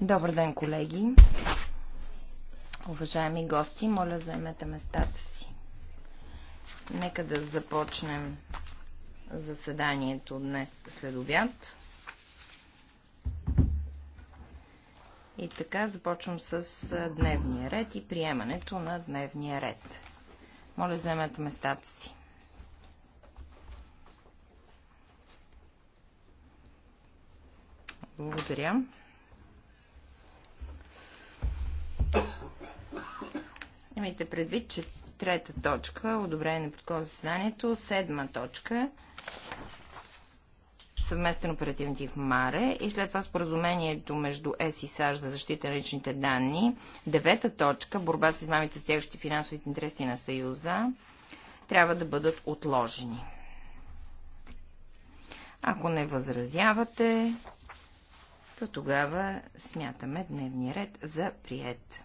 Добър ден, колеги. Уважаеми гости, моля заемете местата си. Нека да започнем заседанието днес след обяд. И така започвам с дневния ред и приемането на дневния ред. Моля заемете местата си. Благодаря. Имайте предвид, че трета точка, одобрение на протокол за заседанието, седма точка, съвместен оперативен тип МАРЕ и след това споразумението между ЕС и САЩ за защита на личните данни. Девета точка, борба с измамите с тягащи финансовите интереси на Съюза, трябва да бъдат отложени. Ако не възразявате, то тогава смятаме дневния ред за прият.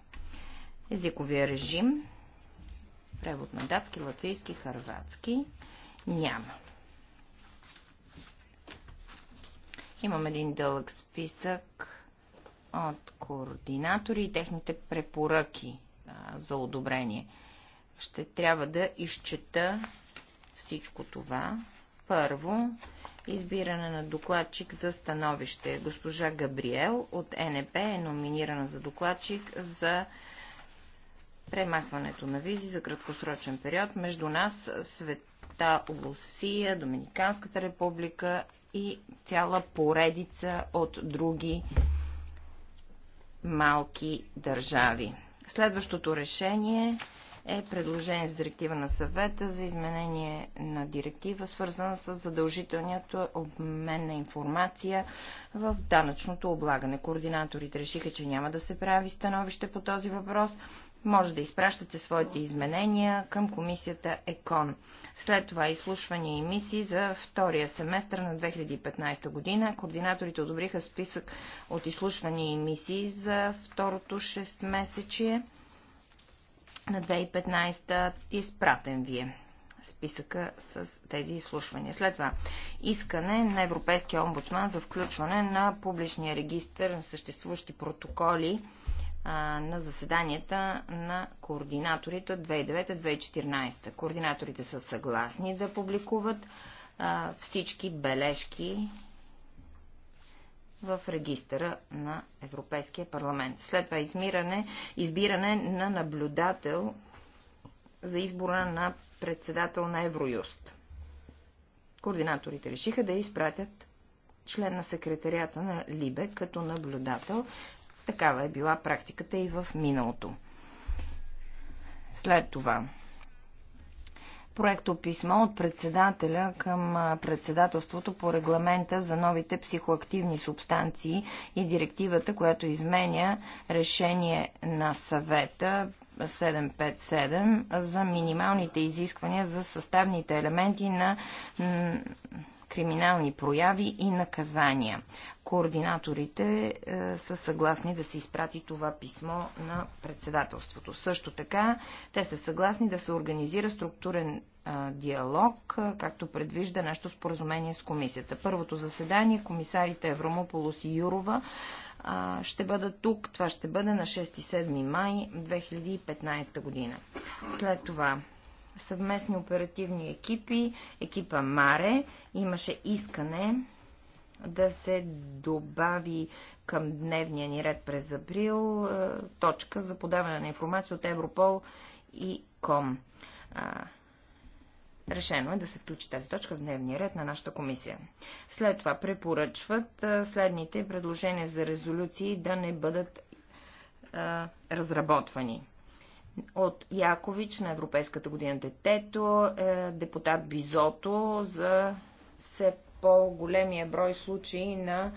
Езиковия режим, превод на датски, латвийски, харватски, няма. Имам един дълъг списък от координатори и техните препоръки а, за одобрение. Ще трябва да изчета всичко това, първо, избиране на докладчик за становище. Госпожа Габриел от НП е номинирана за докладчик за премахването на визи за краткосрочен период между нас, Света Лусия, Доминиканската република и цяла поредица от други малки държави. Следващото решение е предложение с директива на съвета за изменение на директива, свързана с задължителният обмен на информация в данъчното облагане. Координаторите решиха, че няма да се прави становище по този въпрос. Може да изпращате своите изменения към комисията ЕКОН. След това изслушвания и мисии за втория семестър на 2015 година. Координаторите одобриха списък от изслушвания и мисии за второто 6 месечие на 2015 изпратен вие списъка с тези изслушвания. След това искане на Европейския омбудсман за включване на публичния регистр на съществуващи протоколи а, на заседанията на координаторите от 2009-2014. Координаторите са съгласни да публикуват а, всички бележки в регистъра на Европейския парламент. След това измиране, избиране на наблюдател за избора на председател на Евроюст. Координаторите решиха да изпратят член на секретарията на Либе като наблюдател. Такава е била практиката и в миналото. След това проекто писмо от председателя към председателството по регламента за новите психоактивни субстанции и директивата, която изменя решение на съвета 757 за минималните изисквания за съставните елементи на криминални прояви и наказания. Координаторите е, са съгласни да се изпрати това писмо на председателството. Също така, те са съгласни да се организира структурен диалог, както предвижда нашето споразумение с комисията. Първото заседание комисарите Евромополос и Юрова ще бъдат тук. Това ще бъде на 6-7 май 2015 година. След това съвместни оперативни екипи, екипа Маре, имаше искане да се добави към дневния ни ред през април е, точка за подаване на информация от Европол и КОМ. Решено е да се включи тази точка в дневния ред на нашата комисия. След това препоръчват е, следните предложения за резолюции да не бъдат е, разработвани от Якович на Европейската година детето, е депутат Бизото за все по-големия брой случаи на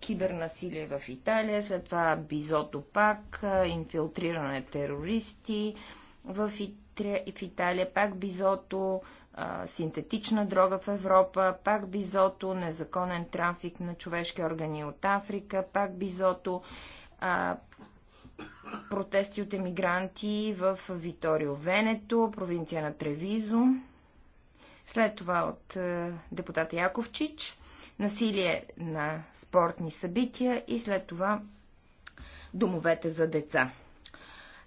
кибернасилие в Италия, след това Бизото пак, инфилтриране терористи в, Итри... в Италия, пак Бизото, синтетична дрога в Европа, пак Бизото, незаконен трафик на човешки органи от Африка, пак Бизото, протести от емигранти в Виторио Венето, провинция на Тревизо. След това от е, депутата Яковчич, насилие на спортни събития и след това домовете за деца.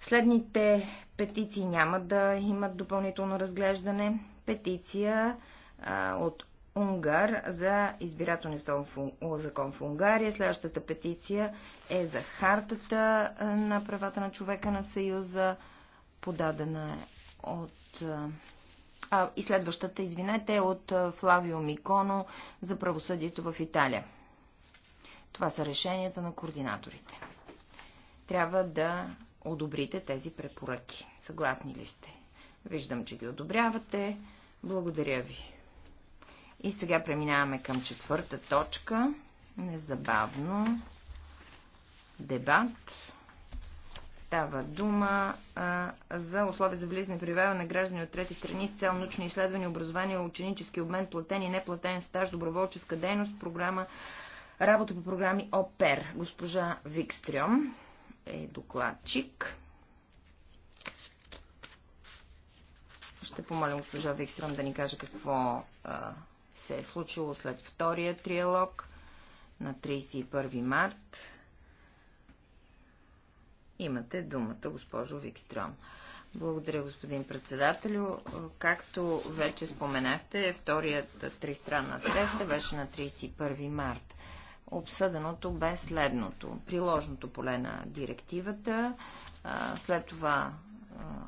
Следните петиции няма да имат допълнително разглеждане. Петиция а, от Унгар за избирателни закон в Унгария. Следващата петиция е за хартата на правата на човека на Съюза, подадена е от... А, и следващата, извинете, е от Флавио Миконо за правосъдието в Италия. Това са решенията на координаторите. Трябва да одобрите тези препоръки. Съгласни ли сте? Виждам, че ги одобрявате. Благодаря ви. И сега преминаваме към четвърта точка. Незабавно. Дебат. Става дума а, за условия за влизане и прибавяне на граждани от трети страни с цел научни изследвания, образование, ученически обмен, платен и неплатен стаж, доброволческа дейност, програма, работа по програми ОПЕР. Госпожа Викстрем е докладчик. Ще помолям госпожа Викстрем да ни каже какво а, се е случило след втория триалог на 31 март. Имате думата, госпожо Викстрон. Благодаря, господин председателю. Както вече споменахте, вторият тристранна среща беше на 31 март. Обсъденото бе следното. Приложното поле на директивата, след това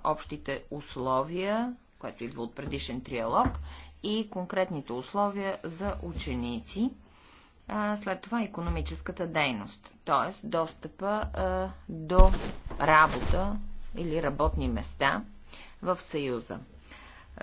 общите условия, което идва от предишен триалог, и конкретните условия за ученици, а, след това економическата дейност, т.е. достъпа а, до работа или работни места в Съюза,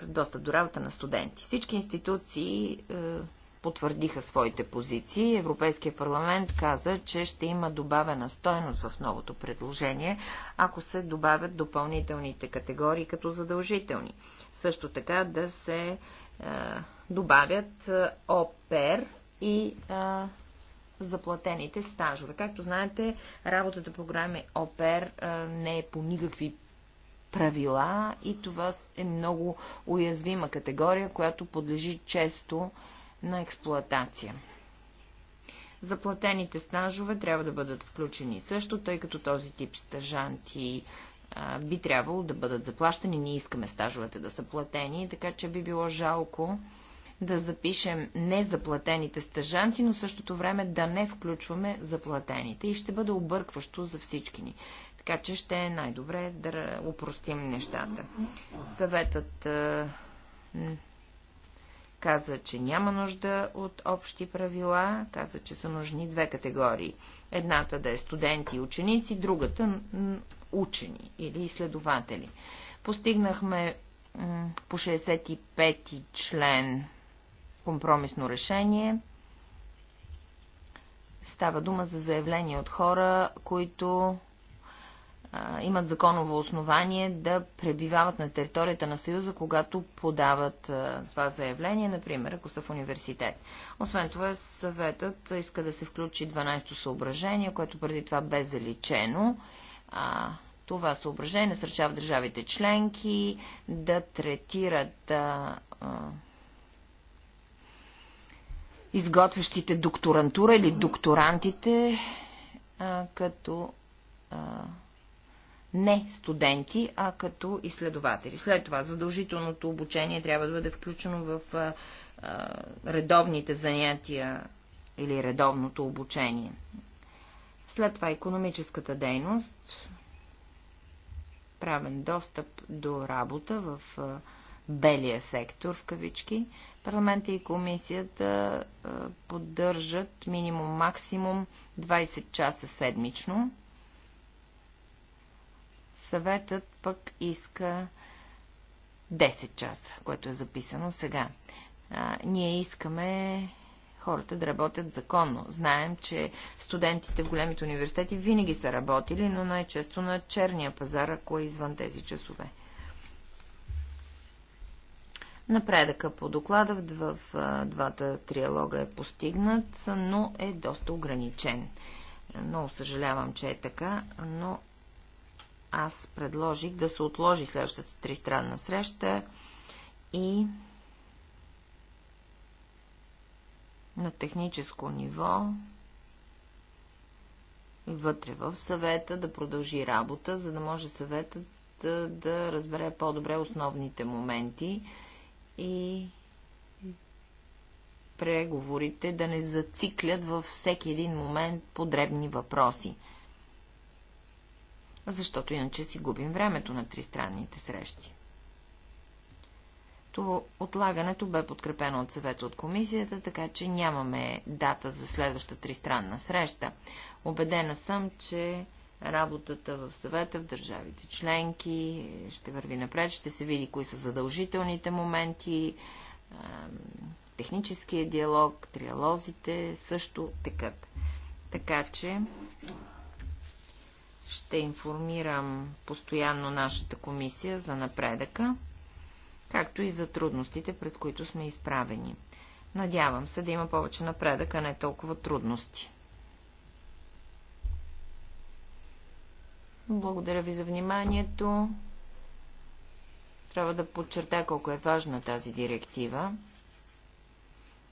достъп до работа на студенти. Всички институции а, потвърдиха своите позиции. Европейския парламент каза, че ще има добавена стойност в новото предложение, ако се добавят допълнителните категории като задължителни. Също така да се добавят опер и заплатените стажове. Както знаете, работата по програми ОПЕР не е по никакви правила и това е много уязвима категория, която подлежи често на експлоатация. Заплатените стажове трябва да бъдат включени също, тъй като този тип стажанти би трябвало да бъдат заплащани. Ние искаме стажовете да са платени, така че би било жалко да запишем незаплатените стъжанти, но същото време да не включваме заплатените и ще бъде объркващо за всички ни. Така че ще е най-добре да упростим нещата. Съветът каза, че няма нужда от общи правила, каза, че са нужни две категории. Едната да е студенти и ученици, другата учени или изследователи. Постигнахме по 65-ти член компромисно решение. Става дума за заявление от хора, които а, имат законово основание да пребивават на територията на Съюза, когато подават а, това заявление, например, ако са в университет. Освен това, съветът иска да се включи 12-то съображение, което преди това бе заличено. А, а, това съображение насърчава държавите членки да третират а, а, изготвящите докторантура или докторантите а, като а, не студенти, а като изследователи. След това задължителното обучение трябва да бъде включено в а, а, редовните занятия или редовното обучение. След това економическата дейност, правен достъп до работа в белия сектор, в кавички. Парламента и комисията поддържат минимум-максимум 20 часа седмично. Съветът пък иска 10 часа, което е записано сега. А, ние искаме хората да работят законно. Знаем, че студентите в големите университети винаги са работили, но най-често на черния пазар, ако е извън тези часове. Напредъка по доклада в двата триалога е постигнат, но е доста ограничен. Много съжалявам, че е така, но аз предложих да се отложи следващата тристранна среща и на техническо ниво вътре в съвета, да продължи работа, за да може съветът да, да разбере по-добре основните моменти и преговорите да не зациклят във всеки един момент подребни въпроси. Защото иначе си губим времето на тристранните срещи то отлагането бе подкрепено от съвета от комисията, така че нямаме дата за следваща тристранна среща. Обедена съм, че работата в съвета, в държавите членки ще върви напред, ще се види кои са задължителните моменти, техническия диалог, триалозите също текат. Така че ще информирам постоянно нашата комисия за напредъка както и за трудностите, пред които сме изправени. Надявам се да има повече напредък, а не толкова трудности. Благодаря ви за вниманието. Трябва да подчертая колко е важна тази директива.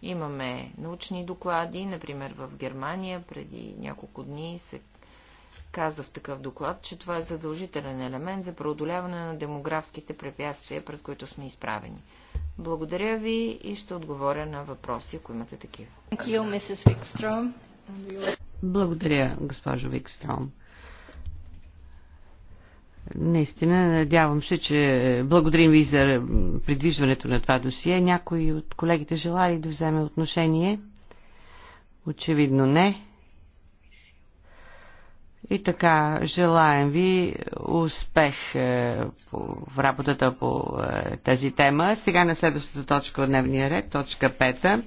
Имаме научни доклади, например в Германия преди няколко дни се каза в такъв доклад, че това е задължителен елемент за преодоляване на демографските препятствия, пред които сме изправени. Благодаря ви и ще отговоря на въпроси, ако имате такива. Благодаря, госпожо Викстром. Наистина, надявам се, че благодарим ви за придвижването на това досие. Някой от колегите желали да вземе отношение? Очевидно не. И така, желаем ви успех е, в работата по е, тази тема. Сега на следващата точка от дневния ред, точка 5.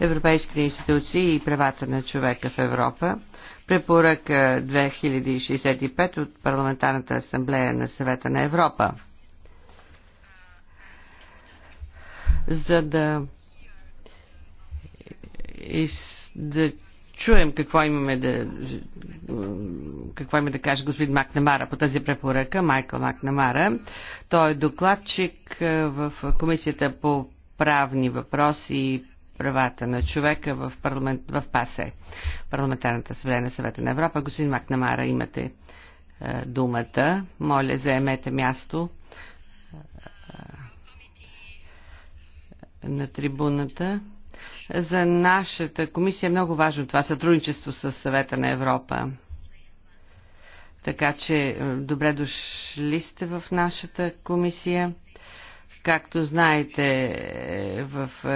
Европейските институции и правата на човека в Европа. Препоръка 2065 от Парламентарната асамблея на съвета на Европа. За да, из... да чуем какво имаме да, какво има да каже господин Макнамара по тази препоръка, Майкъл Макнамара. Той е докладчик е, в Комисията по правни въпроси и правата на човека в, парламент, в ПАСЕ, Парламентарната събрание на съвета на Европа. Господин Макнамара, имате е, думата. Моля, заемете място е, е на трибуната. За нашата комисия е много важно това сътрудничество с съвета на Европа. Така че е, добре дошли сте в нашата комисия. Както знаете, е, в е,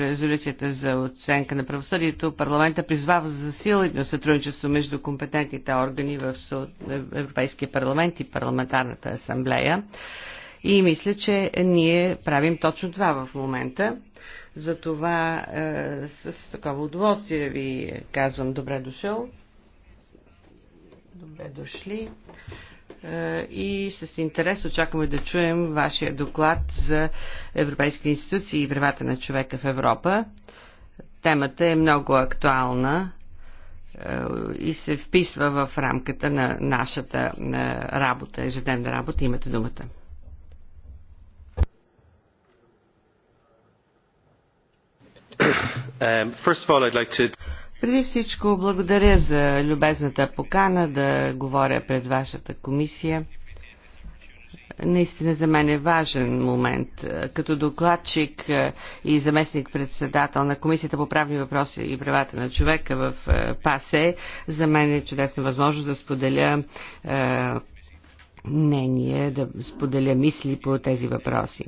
резолюцията за оценка на правосъдието парламента призвава за силно сътрудничество между компетентните органи в Европейския парламент и парламентарната асамблея. И мисля, че ние правим точно това в момента. Затова е, с такова удоволствие ви казвам добре дошъл. Добре дошли. Е, и с интерес очакваме да чуем вашия доклад за европейски институции и правата на човека в Европа. Темата е много актуална е, и се вписва в рамката на нашата работа, ежедневна работа. Имате думата. Um, Преди всичко благодаря за любезната покана да говоря пред вашата комисия. Наистина за мен е важен момент. Като докладчик е, и заместник-председател на Комисията по правни въпроси и правата на човека в е, ПАСЕ, за мен е чудесна възможност да споделя е, мнение, да споделя мисли по тези въпроси.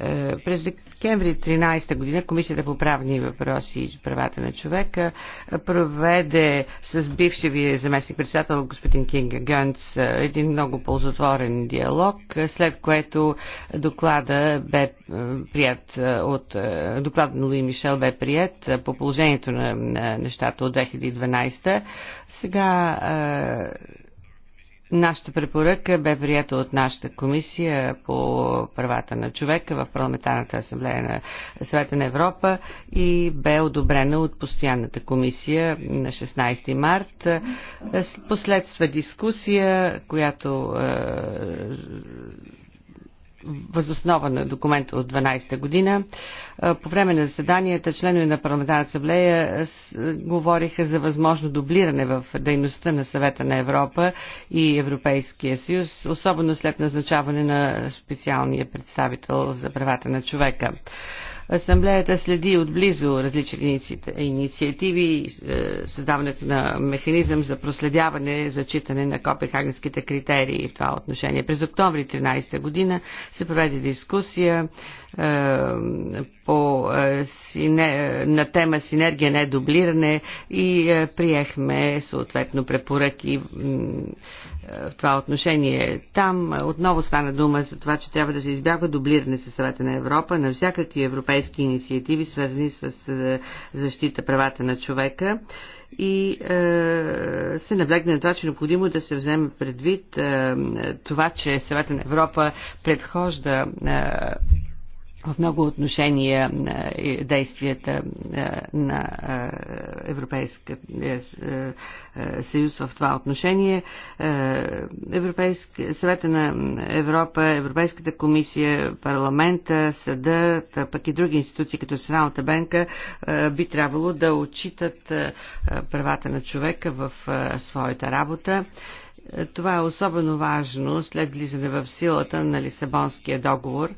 Е, през декември 13 година Комисията по правни въпроси и правата на човека е, проведе с бившия заместник председател господин Кинга Гънц е, един много ползотворен диалог, след което доклада бе прият от доклад на Луи Мишел бе прият по положението на нещата от 2012. Сега Нашата препоръка бе прията от нашата комисия по правата на човека в Парламентарната асамблея на Съвета на Европа и бе одобрена от постоянната комисия на 16 март. Последства дискусия, която е, възоснова на документа от 12-та година. По време на заседанията членове на парламентарната асамблея говориха за възможно дублиране в дейността на съвета на Европа и Европейския съюз, особено след назначаване на специалния представител за правата на човека. Асамблеята следи отблизо различни инициативи, е, създаването на механизъм за проследяване, зачитане на копенхагенските критерии в това отношение. През октомври 13 година се проведе дискусия е, по, е, на тема синергия, не дублиране и приехме съответно препоръки в е, това отношение. Там е, отново стана дума за това, че трябва да се избягва дублиране със съвета на Европа на всякакви европейски инициативи, свързани с е, защита правата на човека и е, се наблегне на това, че е необходимо да се вземе предвид е, това, че съвета на Европа предхожда е, в много отношения е, действията е, на е, Европейския съюз в това отношение. съвета на Европа, Европейската комисия, парламента, съда, пък и други институции, като Сеналната банка, би трябвало да отчитат правата на човека в своята работа. Това е особено важно след влизане в силата на Лисабонския договор,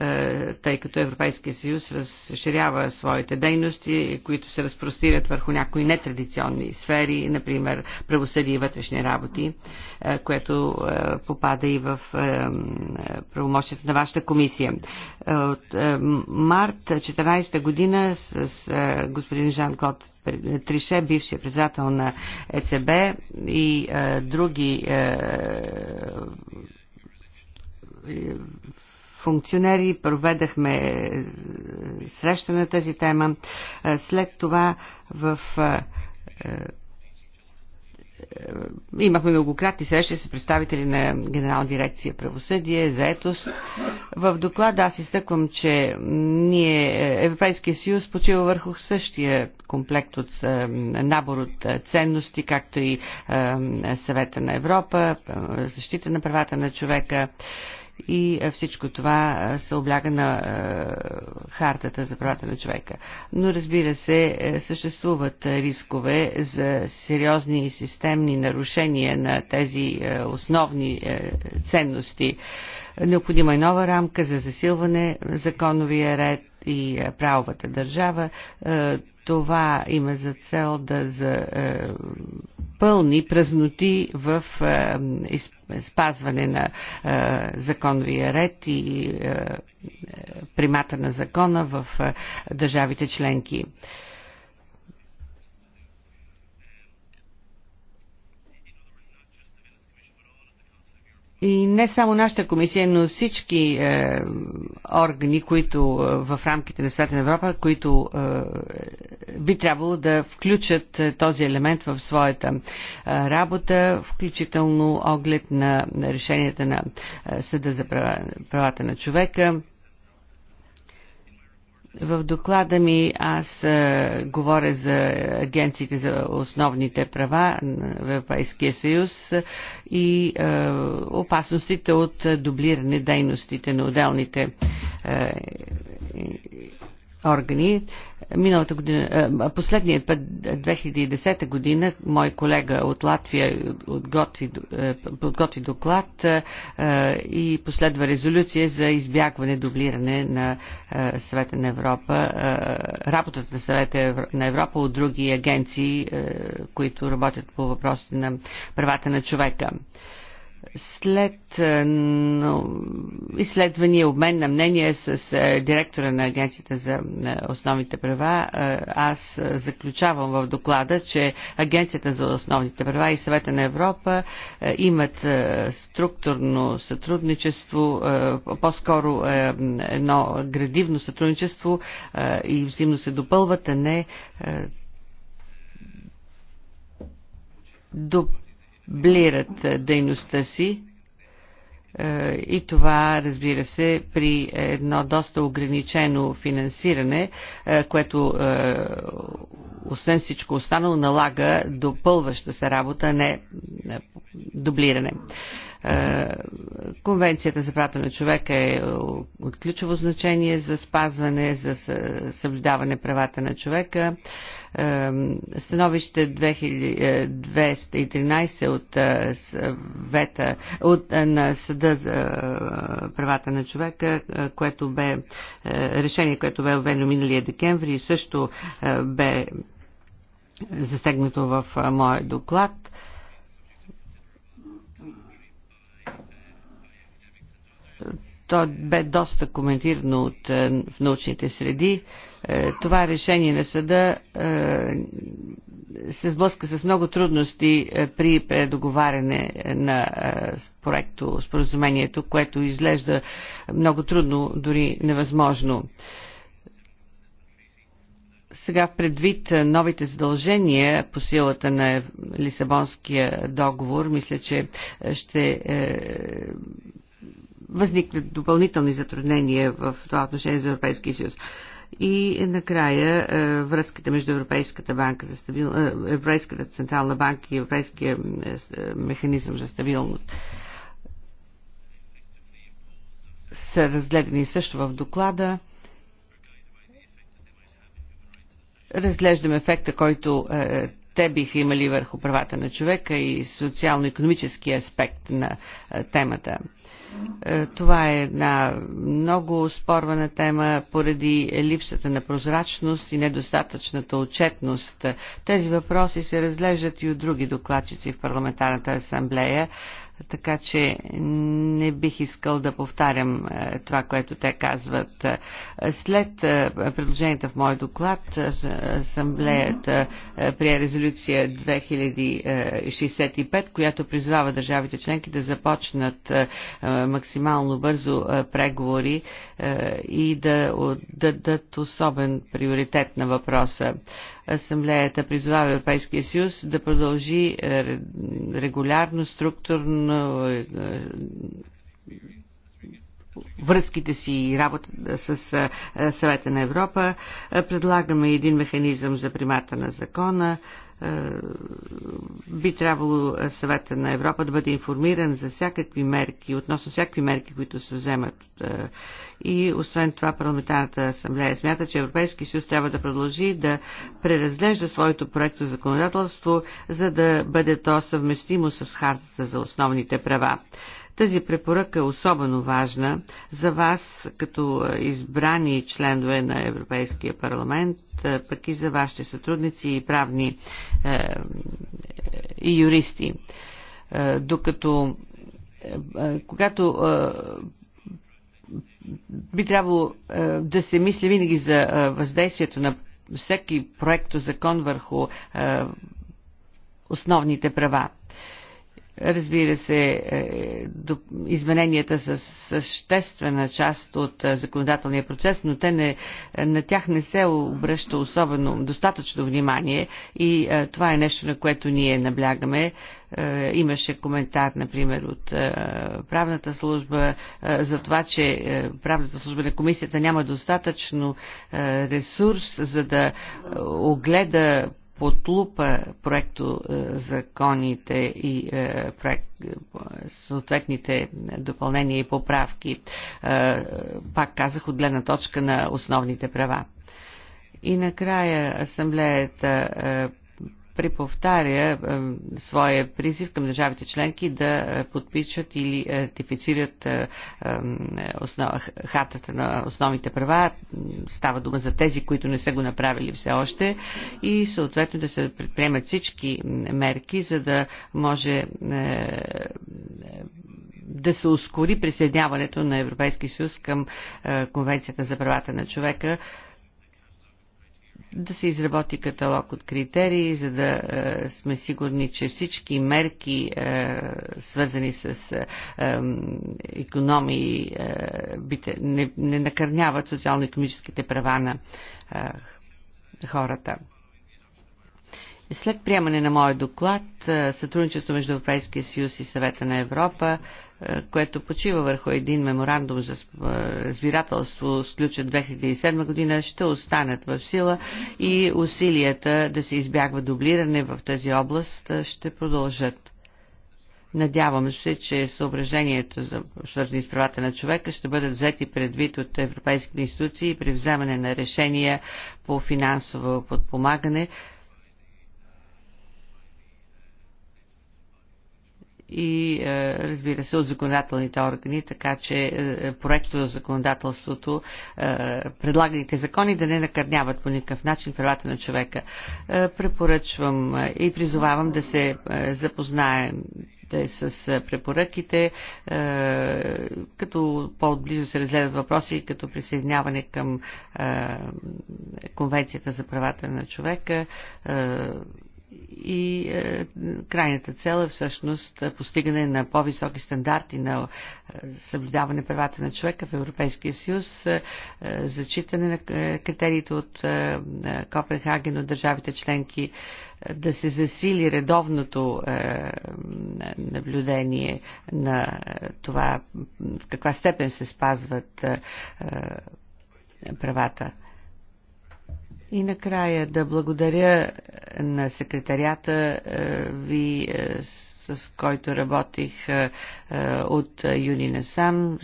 е, тъй като Европейския съюз разширява своите дейности, които се разпростират върху някои нетрадиционни сфери, например правосъдие и вътрешни работи, е, което е, попада и в правомощите на вашата комисия. От март 2014 година с господин Жан-Клод Трише, бившия председател на ЕЦБ и е, други е, функционери, проведахме е, среща на тази тема. Е, след това в е, е, имахме многократни срещи с представители на Генерална дирекция правосъдие, заетост. В доклада аз изтъквам, че ние, е, Европейския съюз почива върху същия комплект от е, набор от ценности, както и съвета на Европа, защита на правата на човека и е, всичко това е, се обляга на е, хартата за правата на човека. Но разбира се, съществуват рискове за сериозни и системни нарушения на тези основни ценности. Необходима е нова рамка за засилване законовия ред и правовата държава. Това има за цел да запълни е, празноти в е, спазване на е, законовия ред и примата на закона в държавите членки. И не само нашата комисия, но всички е, органи, които е, в рамките на Света на Европа, които е, би трябвало да включат е, този елемент в своята е, работа, включително оглед на, на решенията на е, Съда за права, правата на човека в доклада ми аз а, говоря за агенциите за основните права на Европейския съюз и а, опасностите от дублиране дейностите на отделните а, органи. Миналата година, е, последният път, 2010 година, мой колега от Латвия подготви, е, подготви доклад е, и последва резолюция за избягване дублиране на Съвета на Европа, работата на Съвета на Европа от други агенции, които работят по въпросите на правата на човека след е, изследвания, обмен на мнение с е, директора на Агенцията за е, основните права, аз заключавам в доклада, че Агенцията за основните права и съвета на Европа имат структурно сътрудничество, по-скоро едно градивно сътрудничество и взаимно се допълват, а не допълват блират е, дейността си е, и това, разбира се, при едно доста ограничено финансиране, е, което освен всичко останало налага допълваща се работа, не дублиране. Е, Конвенцията за правата на човека е от ключово значение за спазване, за съблюдаване правата на човека. Е, становище 2013 е, от, вета, от на Съда за правата на човека, което бе решение, което бе обвено миналия декември, също бе засегнато в моят доклад. То бе доста коментирано от е, в научните среди. Е, това решение на съда е, се сблъска с много трудности при предоговаряне на проекто споразумението, което изглежда много трудно, дори невъзможно. Сега предвид новите задължения по силата на Лисабонския договор, мисля, че ще възникнат допълнителни затруднения в това отношение за Европейския съюз. И накрая е, връзката между Европейската банка за стабил... Е, Европейската централна банка и Европейския е, механизъм за стабилност са разгледани също в доклада. Разглеждаме ефекта, който е, те биха имали върху правата на човека и социално-економически аспект на е, темата. Е, това е една много спорвана тема поради липсата на прозрачност и недостатъчната отчетност. Тези въпроси се разглеждат и от други докладчици в парламентарната асамблея така че не бих искал да повтарям е, това, което те казват. Е, след е, предложенията в мой доклад, Асамблеята прие резолюция 2065, която призвава държавите членки да започнат максимално бързо преговори и да дадат особен приоритет на въпроса. Асамблеята призвава Европейския съюз да продължи е, регулярно, структурно е, е, връзките си и работа с съвета на Европа. Предлагаме един механизъм за примата на закона, е, би трябвало съвета на Европа да бъде информиран за всякакви мерки, относно всякакви мерки, които се вземат. Е, и освен това парламентарната асамблея смята, че Европейски съюз трябва да продължи да преразглежда своето проекто законодателство, за да бъде то съвместимо с хартата за основните права. Тази препоръка е особено важна за вас като избрани членове на Европейския парламент, пък и за вашите сътрудници и правни е, и юристи. Е, докато е, когато би трябвало да се мисли винаги за въздействието на всеки проекто закон върху основните права. Разбира се, е, измененията са съществена част от е, законодателния процес, но те не, на тях не се обръща особено достатъчно внимание и е, това е нещо, на което ние наблягаме. Имаше коментар, например, от правната служба за това, че правната служба на комисията няма достатъчно ресурс, за да огледа под лупа проекто е, законите и е, проект, е, съответните допълнения и поправки, пак казах, от гледна точка на основните права. И накрая асамблеята преповтаря е, своя призив към държавите членки да е, подпишат или ратифицират е, е, основ... хартата на основните права. Става дума за тези, които не са го направили все още и съответно да се предприемат всички мерки, за да може е, да се ускори присъединяването на Европейския съюз към е, Конвенцията за правата на човека, да се изработи каталог от критерии, за да е, сме сигурни, че всички мерки, е, свързани с е, економии, е, бите, не, не накърняват социално-економическите права на е, хората. След приемане на моят доклад, е, сътрудничество между Европейския съюз и съвета на Европа, е, което почива върху един меморандум за е, разбирателство, сключен 2007 година, ще останат в сила и усилията да се избягва дублиране в тази област е, ще продължат. Надявам се, че съображението за свързани с правата на човека ще бъдат взети предвид от европейските институции при вземане на решения по финансово подпомагане, и е, разбира се от законодателните органи, така че е, проекто за законодателството, е, предлаганите закони да не накърняват по никакъв начин правата на човека. Препоръчвам и призовавам да се запознаем с препоръките, като по-близо се разгледат въпроси, като присъединяване към Конвенцията за правата на човека, и е, крайната цел е всъщност е, постигане на по-високи стандарти на е, съблюдаване правата на човека в Европейския съюз, е, е, зачитане на е, критериите от е, Копенхаген от държавите членки, е, да се засили редовното е, наблюдение на е, това в каква степен се спазват е, е, правата и накрая да благодаря на секретарията е, ви е, с който работих е, от юни насам,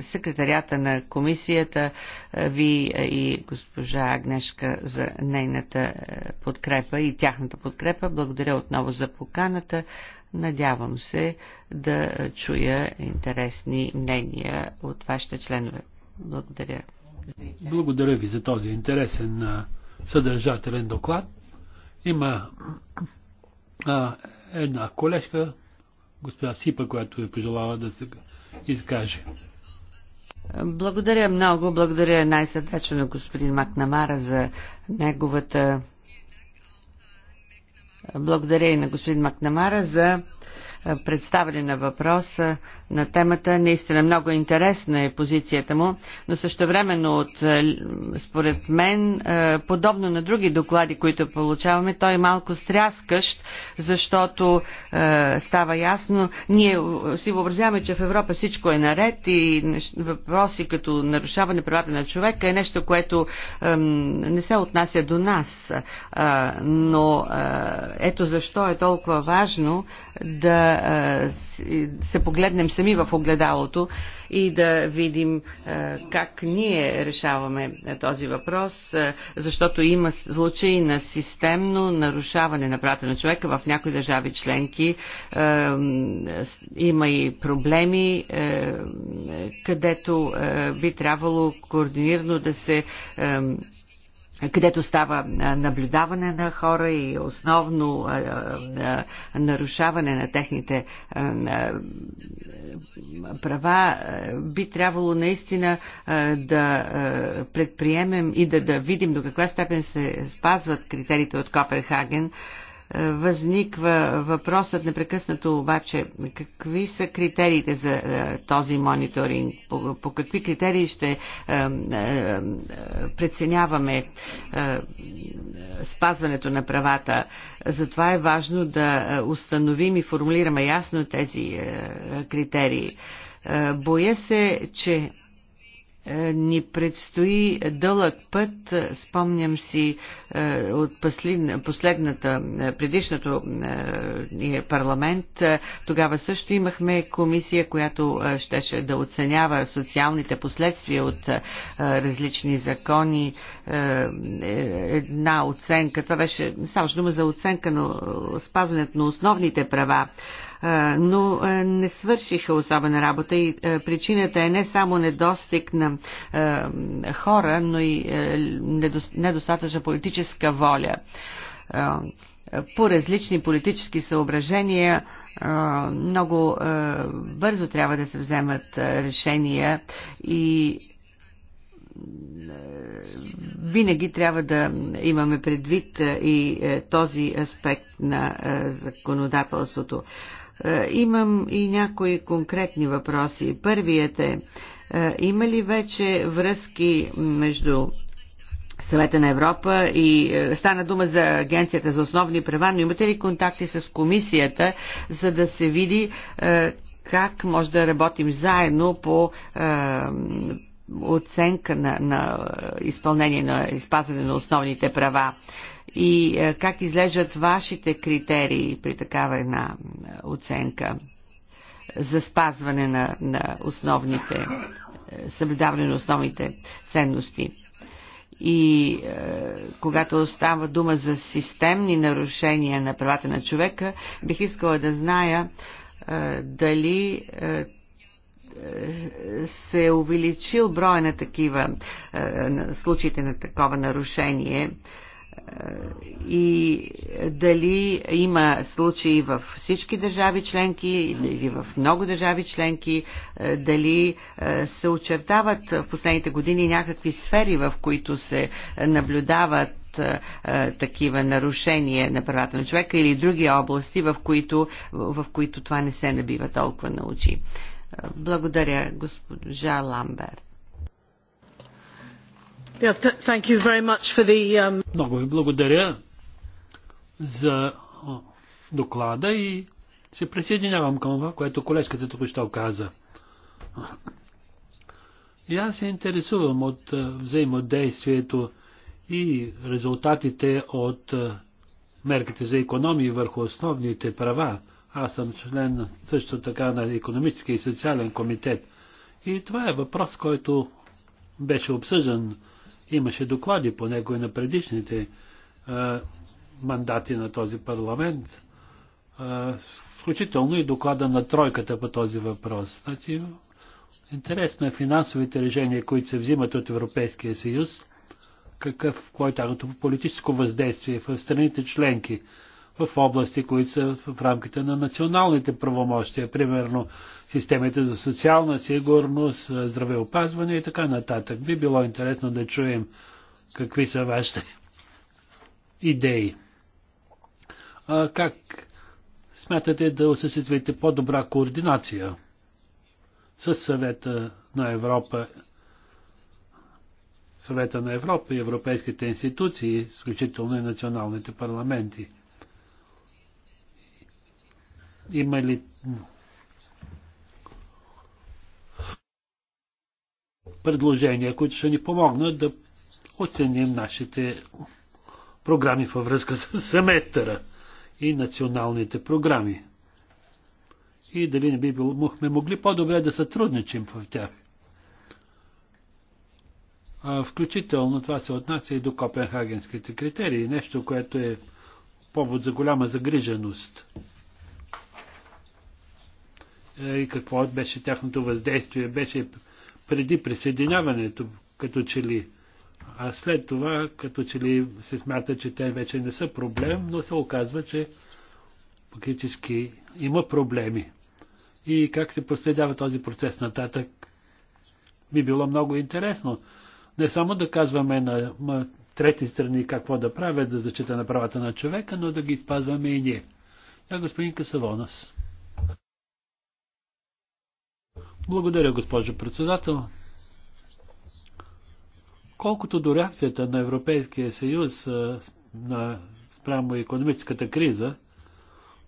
секретарята на комисията ви и госпожа Агнешка за нейната подкрепа и тяхната подкрепа. Благодаря отново за поканата. Надявам се да чуя интересни мнения от вашите членове. Благодаря. Благодаря ви за този интересен съдържателен доклад. Има а, една колежка, госпожа Сипа, която е пожелала да се изкаже. Благодаря много, благодаря най-сърдечно на господин Макнамара за неговата. Благодаря и на господин Макнамара за представили на въпроса, на темата. Наистина много интересна е позицията му, но същевременно от, е, според мен, е, подобно на други доклади, които получаваме, той е малко стряскащ, защото е, става ясно. Ние си въобразяваме, че в Европа всичко е наред и въпроси като нарушаване правата на човека е нещо, което не се отнася до нас. но ето защо е толкова важно да да се погледнем сами в огледалото и да видим как ние решаваме този въпрос, защото има случаи на системно нарушаване на правата на човека в някои държави членки. Има и проблеми, където би трябвало координирано да се където става наблюдаване на хора и основно нарушаване на техните права, би трябвало наистина да предприемем и да, да видим до каква степен се спазват критериите от Копенхаген, е, възниква въпросът непрекъснато обаче какви са критериите за е, този мониторинг, по, по какви критерии ще е, преценяваме спазването на правата. Затова е важно да установим и формулираме ясно тези критерии. Боя се, че е, ни предстои дълъг път. Спомням си е, от последната, е, предишното парламент. Тогава също имахме комисия, която щеше да оценява социалните последствия от различни закони. Една оценка, това беше само дума за оценка но спазването на основните права но не свършиха особена работа и причината е не само недостиг на хора, но и недостатъчна политическа воля. По различни политически съображения много бързо трябва да се вземат решения и винаги трябва да имаме предвид е, и е, този аспект на е, законодателството. Имам и някои конкретни въпроси. Първият е, има ли вече връзки между Съвета на Европа и стана дума за Агенцията за основни права, но имате ли контакти с комисията, за да се види как може да работим заедно по оценка на, на изпълнение на изпазване на основните права и е, как излежат вашите критерии при такава една е, оценка за спазване на, на основните, е, съблюдаване на основните ценности. И е, когато става дума за системни нарушения на правата на човека, бих искала да зная е, дали е, се е увеличил брой на такива е, на случаите на такова нарушение е, и дали има случаи в всички държави членки или в много държави членки, е, дали се очертават в последните години някакви сфери, в които се наблюдават такива нарушения на правата на човека или други области, в които, в които това не се набива толкова на очи. Благодаря, госпожа Ламбер. Um, Много ви благодаря за доклада и се присъединявам към това, което колежката току-що каза. И аз се интересувам от взаимодействието и резултатите от мерките за економии върху основните права, аз съм член също така на економически и социален комитет. И това е въпрос, който беше обсъждан. Имаше доклади по него и на предишните а, мандати на този парламент, а, включително и доклада на тройката по този въпрос. Значи, интересно е финансовите решения, които се взимат от Европейския съюз, какъв, кой е политическо въздействие в страните членки в области, които са в рамките на националните правомощия, примерно системите за социална сигурност, е, здравеопазване и така нататък. Би било интересно да чуем какви са вашите идеи. А, как смятате да осъществите по-добра координация с съвета на Европа, съвета на Европа и европейските институции, включително и националните парламенти? Има ли предложения, които ще ни помогнат да оценим нашите програми във връзка с семестъра и националните програми. И дали не би бихме могли по-добре да сътрудничим в тях. А, включително това се отнася и до копенхагенските критерии, нещо, което е повод за голяма загриженост. Е, и какво беше тяхното въздействие. Беше преди присъединяването, като че ли. А след това, като че ли се смята, че те вече не са проблем, но се оказва, че фактически има проблеми. И как се проследява този процес нататък, би било много интересно. Не само да казваме на трети страни какво да правят за защита на правата на човека, но да ги спазваме и ние. Я господин Касавонас. Благодаря, госпожо председател. Колкото до реакцията на Европейския съюз на спрямо економическата криза,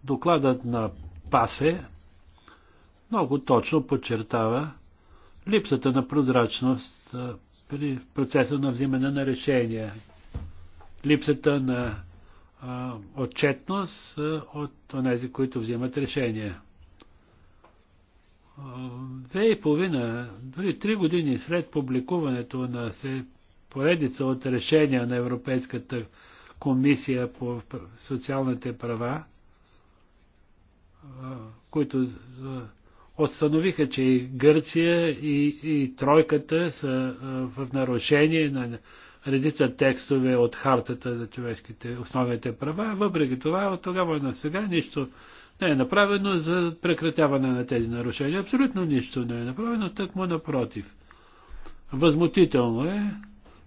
докладът на ПАСЕ много точно подчертава липсата на прозрачност при процеса на взимане на решения, липсата на а, отчетност от тези, които взимат решения две и половина, дори три години след публикуването на се поредица от решения на Европейската комисия по социалните права, които отстановиха, че и Гърция и, и тройката са в нарушение на редица текстове от хартата за човешките основните права. Въпреки това, от тогава на сега нищо не е направено за прекратяване на тези нарушения. Абсолютно нищо не е направено, тъкмо напротив. Възмутително е,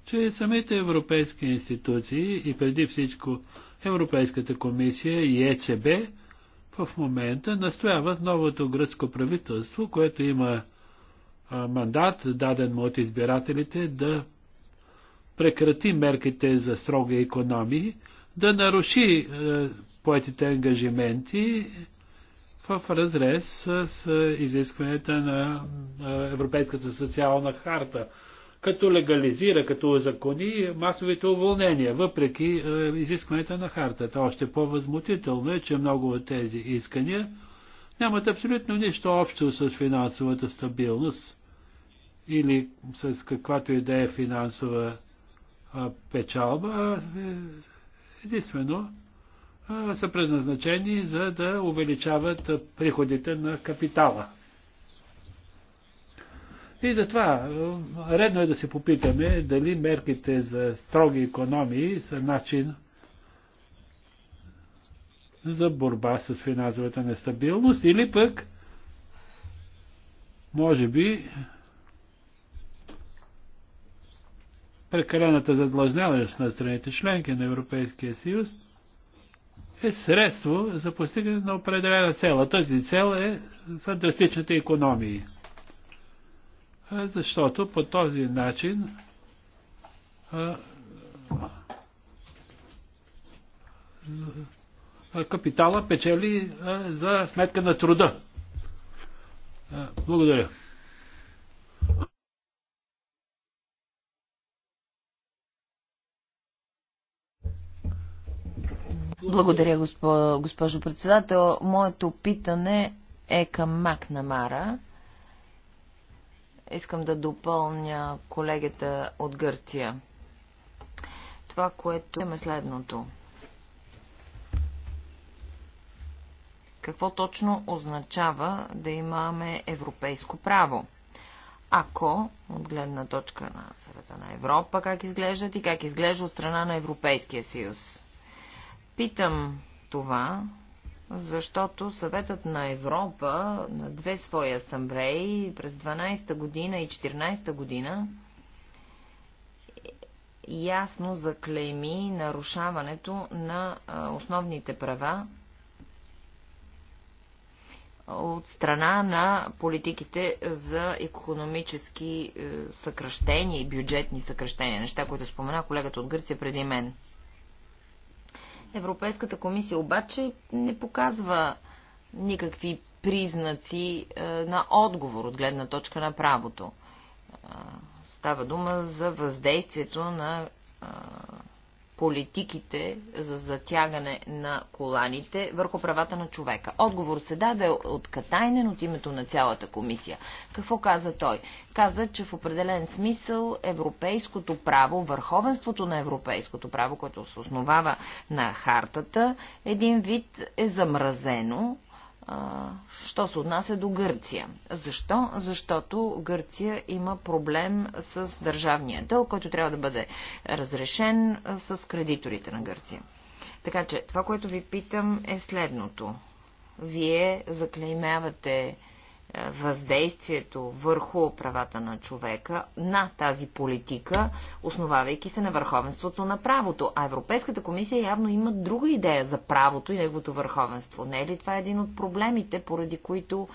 че самите европейски институции и преди всичко Европейската комисия и ЕЦБ в момента настояват новото гръцко правителство, което има мандат, даден му от избирателите, да прекрати мерките за строги економии, да наруши е, поетите ангажименти в разрез с изискванията на е, Европейската социална харта, като легализира, като закони масовите уволнения, въпреки е, изискванията на хартата. Още по-възмутително е, че много от тези искания нямат абсолютно нищо общо с финансовата стабилност или с каквато и да е финансова печалба, единствено са предназначени за да увеличават приходите на капитала. И затова редно е да се попитаме дали мерките за строги економии са начин за борба с финансовата нестабилност или пък може би прекалената задлъжнялост на страните членки на Европейския съюз е средство за постигане на определена цел. А тази цел е за драстичните економии. Защото по този начин капитала печели за сметка на труда. Благодаря. Благодаря, госпожо председател. Моето питане е към Макнамара. Искам да допълня колегата от Гърция. Това, което е следното. Какво точно означава да имаме европейско право? ако, от гледна точка на съвета на Европа, как изглеждат и как изглежда от страна на Европейския съюз. Питам това, защото съветът на Европа на две свои асамблеи през 12-та година и 14-та година ясно заклейми нарушаването на основните права от страна на политиките за економически е, съкръщения и бюджетни съкръщения, неща, които спомена колегата от Гърция преди мен. Европейската комисия обаче не показва никакви признаци е, на отговор от гледна точка на правото. Е, става дума за въздействието на е, политиките за затягане на коланите върху правата на човека. Отговор се даде от Катайнен от името на цялата комисия. Какво каза той? Каза, че в определен смисъл европейското право, върховенството на европейското право, което се основава на хартата, един вид е замразено що се отнася до Гърция. Защо? Защото Гърция има проблем с държавния дълг, който трябва да бъде разрешен с кредиторите на Гърция. Така че това, което ви питам е следното. Вие заклеймявате е, въздействието върху правата на човека на тази политика, основавайки се на върховенството на правото. А Европейската комисия явно има друга идея за правото и неговото върховенство. Не е ли това е един от проблемите, поради които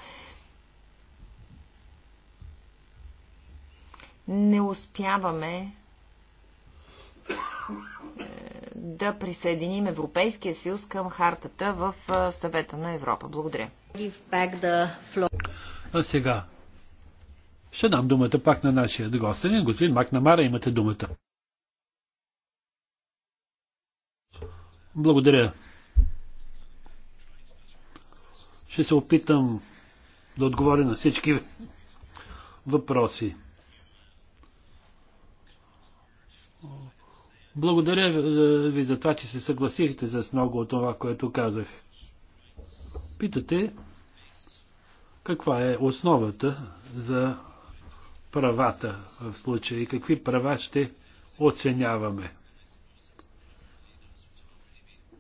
не успяваме е, да присъединим Европейския съюз към хартата в съвета на Европа. Благодаря. А сега ще дам думата пак на нашия гостенин. Господин Макнамара, имате думата. Благодаря. Ще се опитам да отговоря на всички въпроси. Благодаря е, ви за това, че се съгласихте с много от това, което казах. Питате каква е основата за правата в случая и какви права ще оценяваме.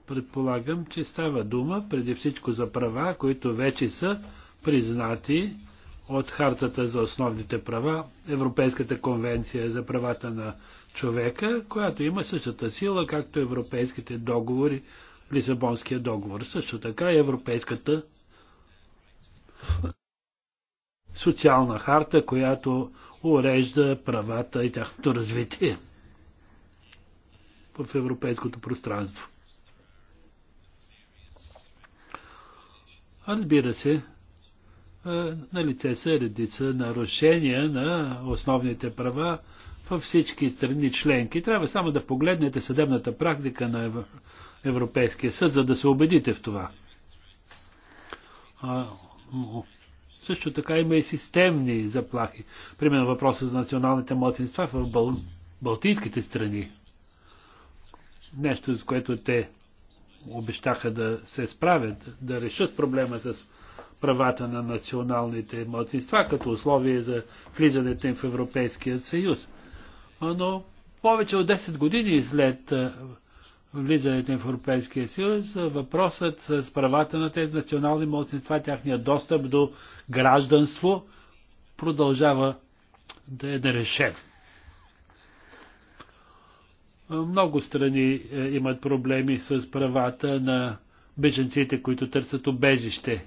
Предполагам, че става дума преди всичко за права, които вече са признати от Хартата за основните права, Европейската конвенция за правата на човека, която има същата сила, както европейските договори, Лисабонския договор, също така и Европейската социална харта, която урежда правата и тяхното развитие в европейското пространство. Разбира се, на лице са редица нарушения на основните права във всички страни членки. Трябва само да погледнете съдебната практика на Европейския съд, за да се убедите в това. също така има и системни заплахи. Примерно въпроса за националните младсинства в Бал... Балтийските страни. Нещо, с което те обещаха да се справят, да решат проблема с правата на националните младсинства като условие за влизането им в Европейския съюз но повече от 10 години след влизането в Европейския съюз, въпросът с правата на тези национални младсинства, тяхния достъп до гражданство продължава да е нерешен. Много страни е, имат проблеми с правата на беженците, които търсят обежище.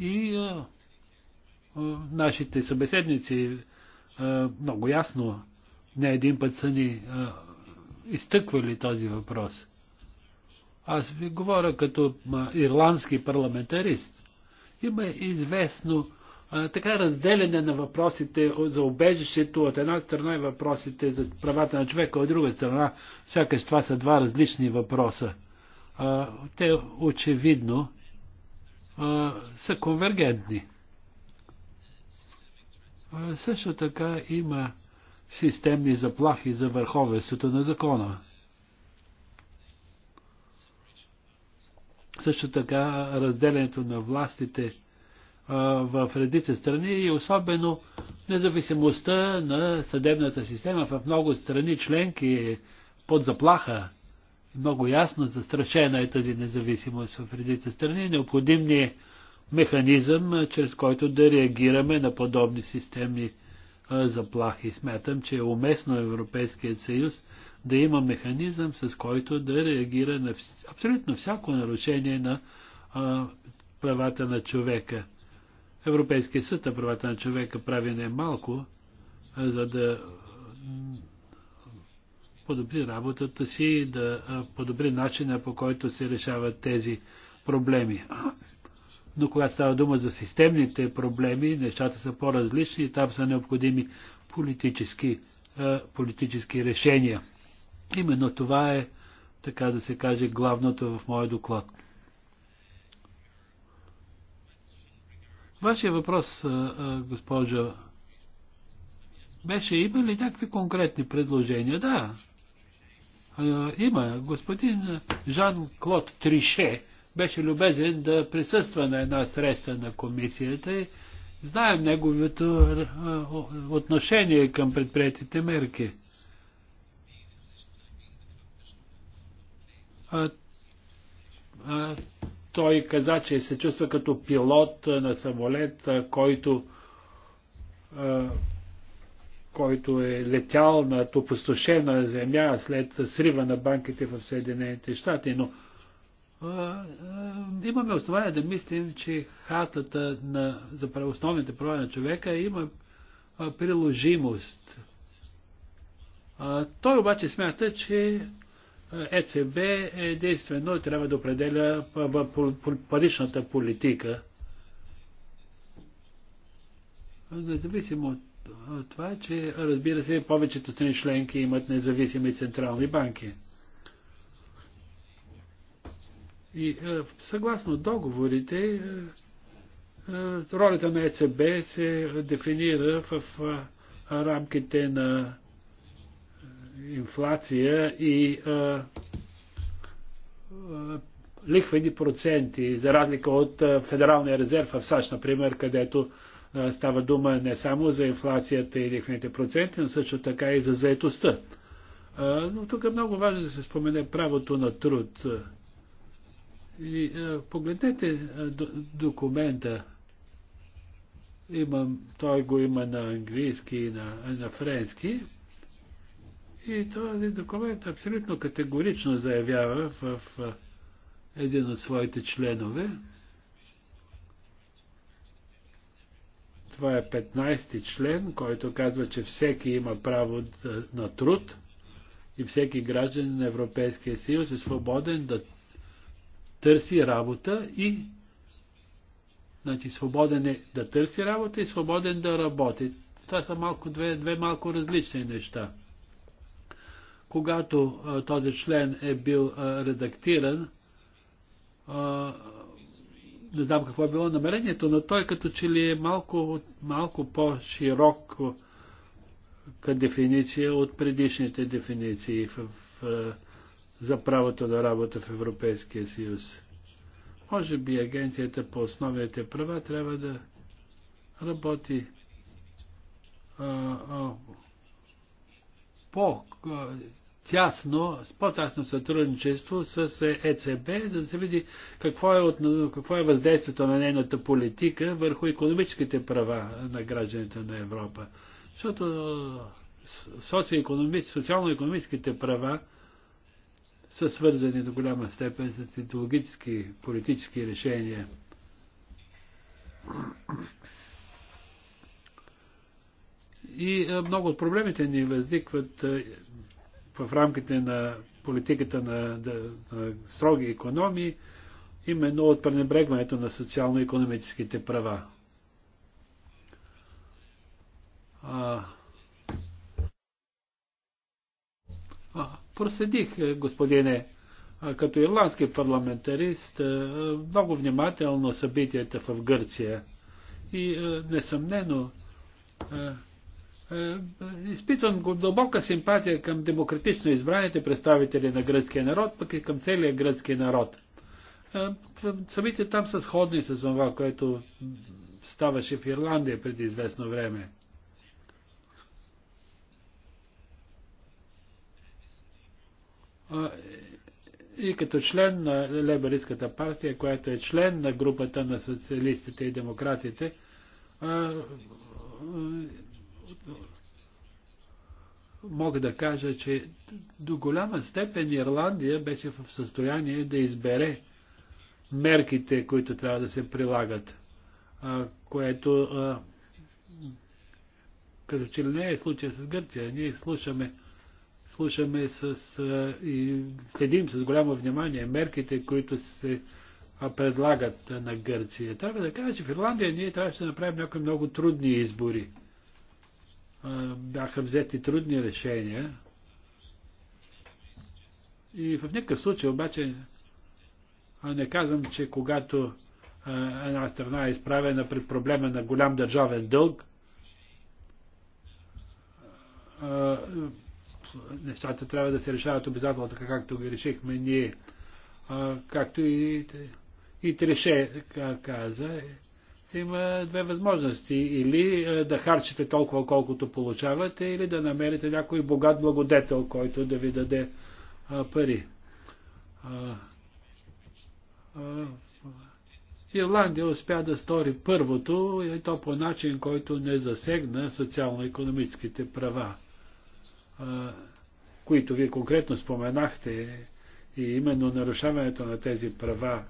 И нашите събеседници е, много ясно не един път са ни е, изтъквали този въпрос. Аз ви говоря като е, ирландски парламентарист. Има известно така разделяне на въпросите за обежището от една страна и въпросите за правата на човека от друга страна. Сякаш това са два различни въпроса. А, те очевидно а, са конвергентни. Също така има системни заплахи за върховенството на закона. Също така разделението на властите в редица страни и особено независимостта на съдебната система в много страни членки е под заплаха. Много ясно застрашена е тази независимост в редица страни. Необходим ни е механизъм, чрез който да реагираме на подобни системни заплахи. Смятам, че е уместно Европейският съюз да има механизъм, с който да реагира на абсолютно всяко нарушение на правата на човека. Европейския съд на правата на човека прави не малко, за да подобри работата си и да подобри начина по който се решават тези проблеми но когато става дума за системните проблеми, нещата са по-различни и там са необходими политически, политически решения. Именно това е, така да се каже, главното в моя доклад. Вашия въпрос, госпожа, беше има ли някакви конкретни предложения? Да. Има. Господин Жан-Клод Трише беше любезен да присъства на една среща на комисията и знаем неговото отношение към предприятите мерки. А, а, той каза, че се чувства като пилот на самолет, който, а, който е летял над опустошена земя след срива на банките в Съединените щати, но имаме основание да мислим, че хатата на, за основните права на човека има приложимост. Той обаче смята, че ЕЦБ е действено и трябва да определя паричната политика. Независимо от това, че разбира се, повечето страни членки имат независими централни банки. И е, съгласно договорите, е, е, ролята на ЕЦБ се дефинира в рамките на инфлация и лихвени проценти, за разлика от Федералния резерв в САЩ, например, където става дума не само за инфлацията и лихвените проценти, но също така и за заетостта. Но тук е много важно да се спомене правото на труд. И е, погледнете е, документа. Имам, той го има на английски и на, на френски. И този документ абсолютно категорично заявява в, в, в един от своите членове. Това е 15-ти член, който казва, че всеки има право на труд и всеки граждан на Европейския съюз е свободен да търси работа и значи, свободен е да търси работа и свободен да работи. Това са малко, две, две малко различни неща. Когато а, този член е бил а, редактиран, а, не знам какво е било намерението, но той като че ли е малко, малко по-широк към дефиниция от предишните дефиниции в, в, в за правото на работа в Европейския съюз. Може би агенцията по основните права трябва да работи а, а, по тясно, с по-тясно сътрудничество с ЕЦБ, е за да се види какво е, от, какво е въздействието на нейната политика върху економическите права на гражданите на Европа. Защото социално-економическите права са свързани до голяма степен с идеологически, политически решения. И много от проблемите ни възникват в рамките на политиката на, на строги економии, именно от пренебрегването на социално-економическите права. А, а, проследих, е, господине, е, като ирландски парламентарист, е, много внимателно събитията в Гърция. И несъмнено изпитвам дълбока симпатия към демократично избраните представители на гръцкия народ, пък и към целия гръцки народ. Събитията там са сходни с това, което ставаше в Ирландия преди известно време. и като член на Лебаристската партия, която е член на групата на социалистите и демократите, мога да кажа, че до голяма степен Ирландия беше в състояние да избере мерките, които трябва да се прилагат, което като че ли не е случая с Гърция. Ние слушаме слушаме с, и следим с голямо внимание мерките, които се предлагат на Гърция. Трябва да кажа, че в Ирландия ние трябваше да направим някои много трудни избори. Бяха взети трудни решения. И в някакъв случай обаче не казвам, че когато една страна е изправена пред проблема на голям държавен дълг, нещата трябва да се решават обязателно така, както ги решихме ние. А, както и, и Треше каза, има две възможности. Или да харчите толкова, колкото получавате, или да намерите някой богат благодетел, който да ви даде а, пари. А, а, Ирландия успя да стори първото, и то по начин, който не засегна социално-економическите права които вие конкретно споменахте и именно нарушаването на тези права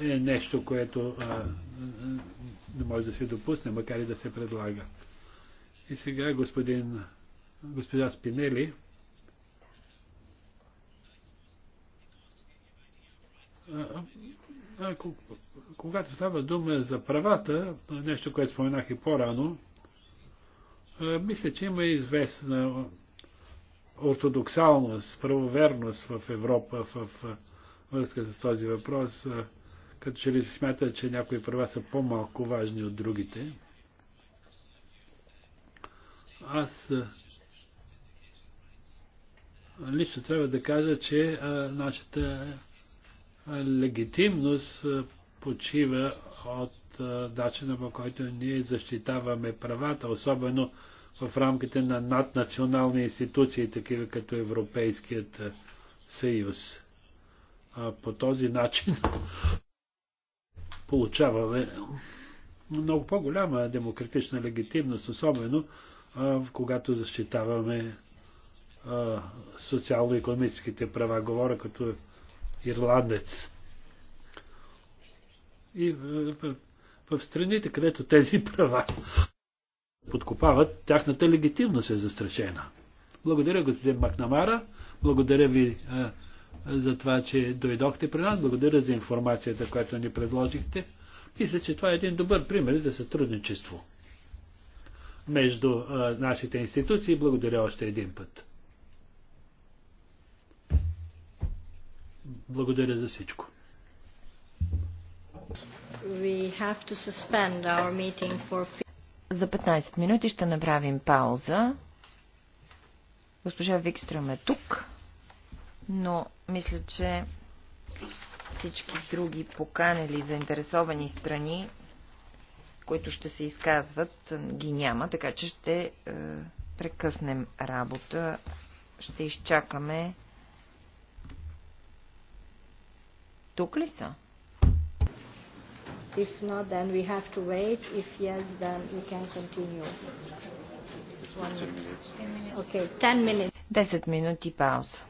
е нещо, което не може да се допусне, макар и да се предлага. И сега господин, госпожа Спинели. когато става дума за правата, нещо, което споменах и по-рано, е, мисля, че има известна ортодоксалност, правоверност в Европа в връзка с този въпрос, е, като че ли се смята, че някои права са по-малко важни от другите. Аз е, лично трябва да кажа, че нашата легитимност почива подход, начина по който ние защитаваме правата, особено в рамките на наднационални институции, такива като Европейският съюз. А по този начин получаваме много по-голяма демократична легитимност, особено а, когато защитаваме социално-економическите права. Говоря като ирландец и в, в, в страните, където тези права подкопават, тяхната легитимност е застрашена. Благодаря, господин Макнамара. Благодаря ви а, за това, че дойдохте при нас. Благодаря за информацията, която ни предложихте. Мисля, че това е един добър пример за сътрудничество между а, нашите институции. Благодаря още един път. Благодаря за всичко. За 15 минути ще направим пауза. Госпожа Викстрюм е тук, но мисля, че всички други поканели заинтересовани страни, които ще се изказват, ги няма, така че ще е, прекъснем работа. Ще изчакаме. Тук ли са? If not, then we have to wait. If yes, then we can continue. One minute. Okay, 10 minutes. 10 минути пауза.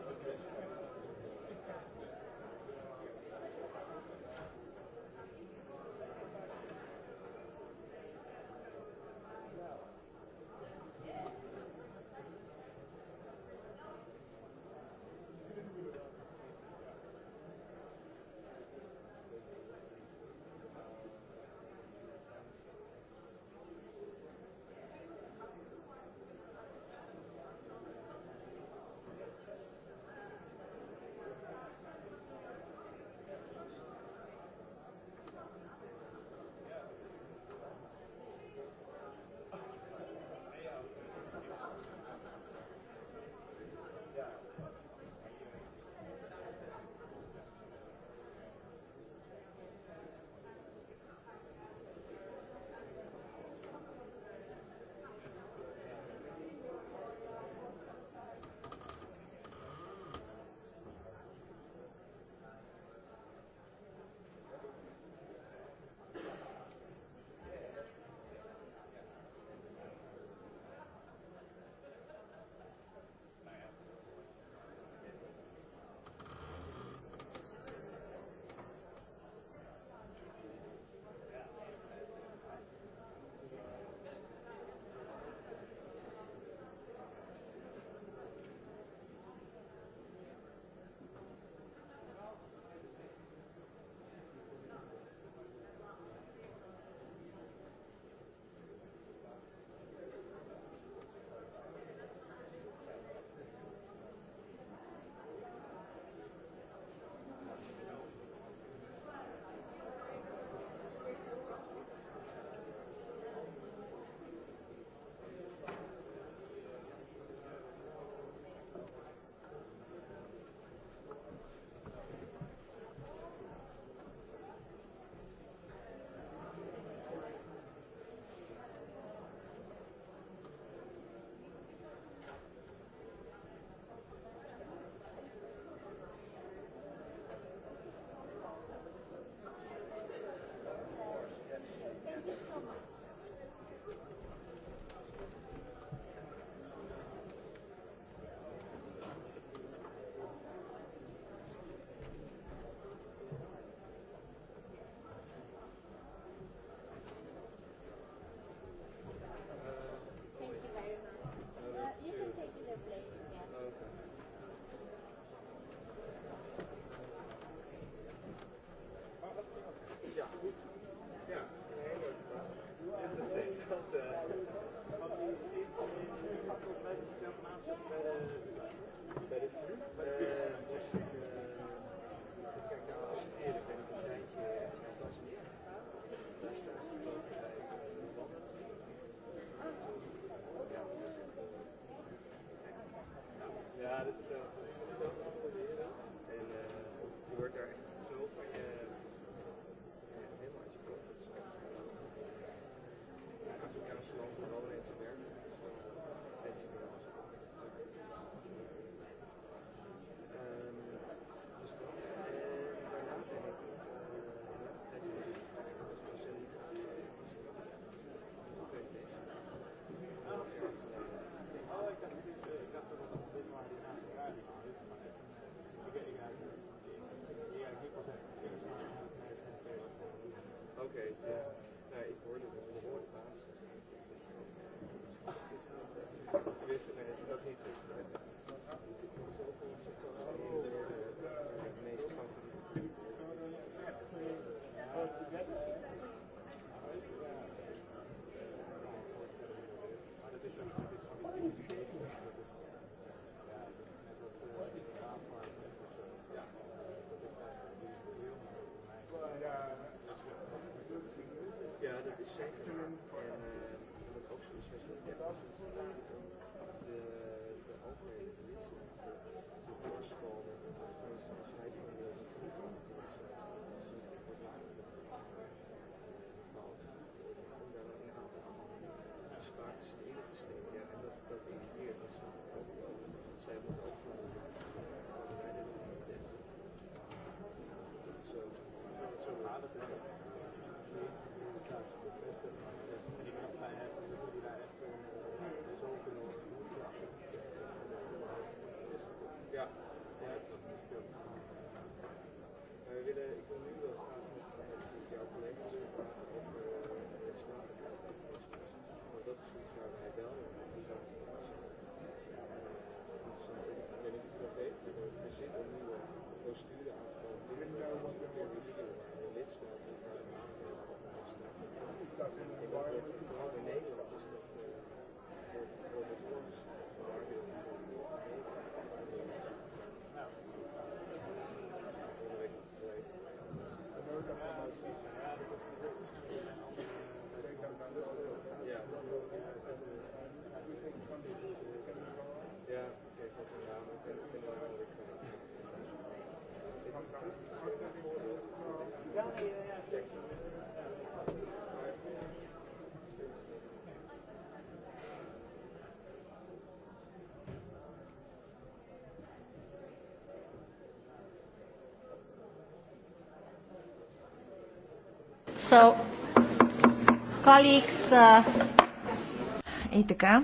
Thank you. Ja, yeah, yeah. So, colleagues, uh, и така.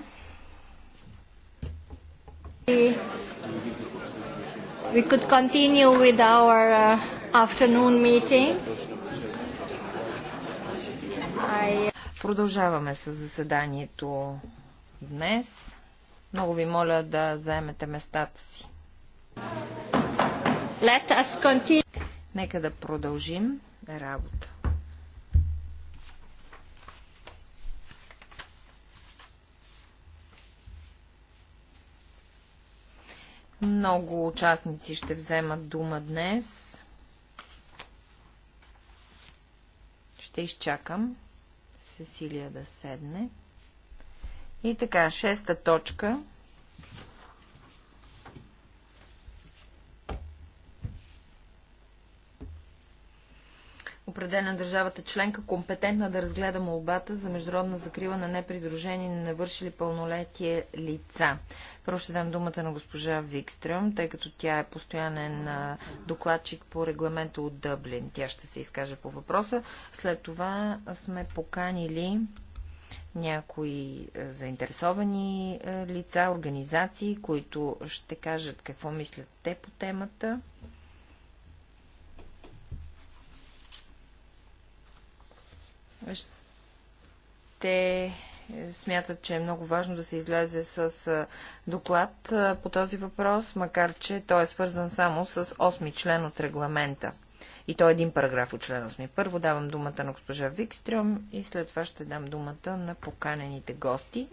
We, could continue with our uh, afternoon meeting. I... Продължаваме с заседанието днес. Много ви моля да заемете местата си. Let us continue. Нека да продължим работа. Много участници ще вземат дума днес. Ще изчакам Сесилия да седне. И така, шеста точка определя държавата членка компетентна да разгледа молбата за международна закрила на непридружени и навършили пълнолетие лица. Първо ще дам думата на госпожа Викстрюм, тъй като тя е постоянен докладчик по регламента от Дъблин. Тя ще се изкаже по въпроса. След това сме поканили някои заинтересовани лица, организации, които ще кажат какво мислят те по темата. Ще смятат, че е много важно да се излезе с доклад по този въпрос, макар че той е свързан само с 8 ми член от регламента. И то е един параграф от член 8. Първо давам думата на госпожа Викстрюм и след това ще дам думата на поканените гости,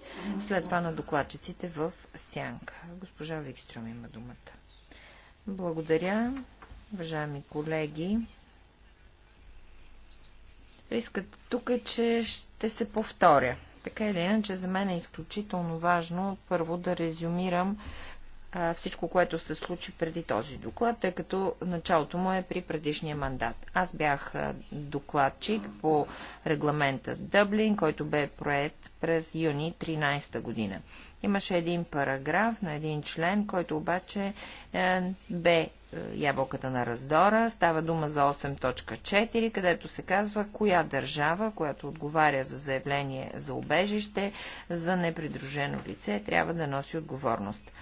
след това на докладчиците в Сянка. Госпожа Викстрюм има думата. Благодаря, уважаеми колеги. Рискът тук е, че ще се повторя. Така или иначе, за мен е изключително важно първо да резюмирам а, всичко, което се случи преди този доклад, тъй като началото му е при предишния мандат. Аз бях докладчик по регламента Дъблин, който бе проект през юни 13 година. Имаше един параграф на един член, който обаче е, бе е, ябълката на раздора. Става дума за 8.4, където се казва коя държава, която отговаря за заявление за убежище, за непридружено лице, трябва да носи отговорност.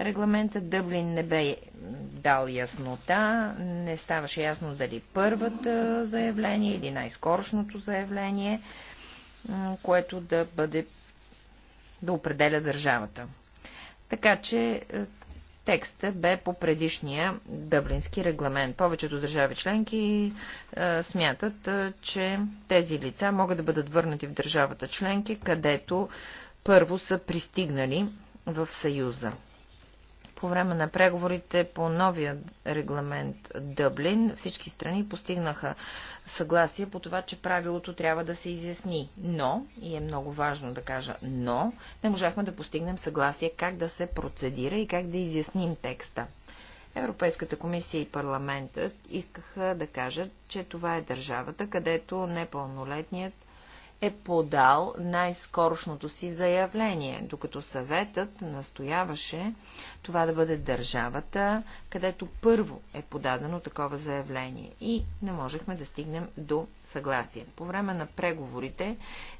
Регламентът Дъблин не бе дал яснота, не ставаше ясно дали първата заявление или най-скорошното заявление, което да бъде да определя държавата. Така че е, текста бе по предишния дъблински регламент. Повечето държави членки е, смятат, е, че тези лица могат да бъдат върнати в държавата членки, където първо са пристигнали в Съюза. По време на преговорите по новия регламент Дъблин всички страни постигнаха съгласие по това, че правилото трябва да се изясни. Но, и е много важно да кажа но, не можахме да постигнем съгласие как да се процедира и как да изясним текста. Европейската комисия и парламентът искаха да кажат, че това е държавата, където непълнолетният е подал най-скорошното си заявление, докато съветът настояваше това да бъде държавата, където първо е подадено такова заявление и не можехме да стигнем до съгласие. По време на преговорите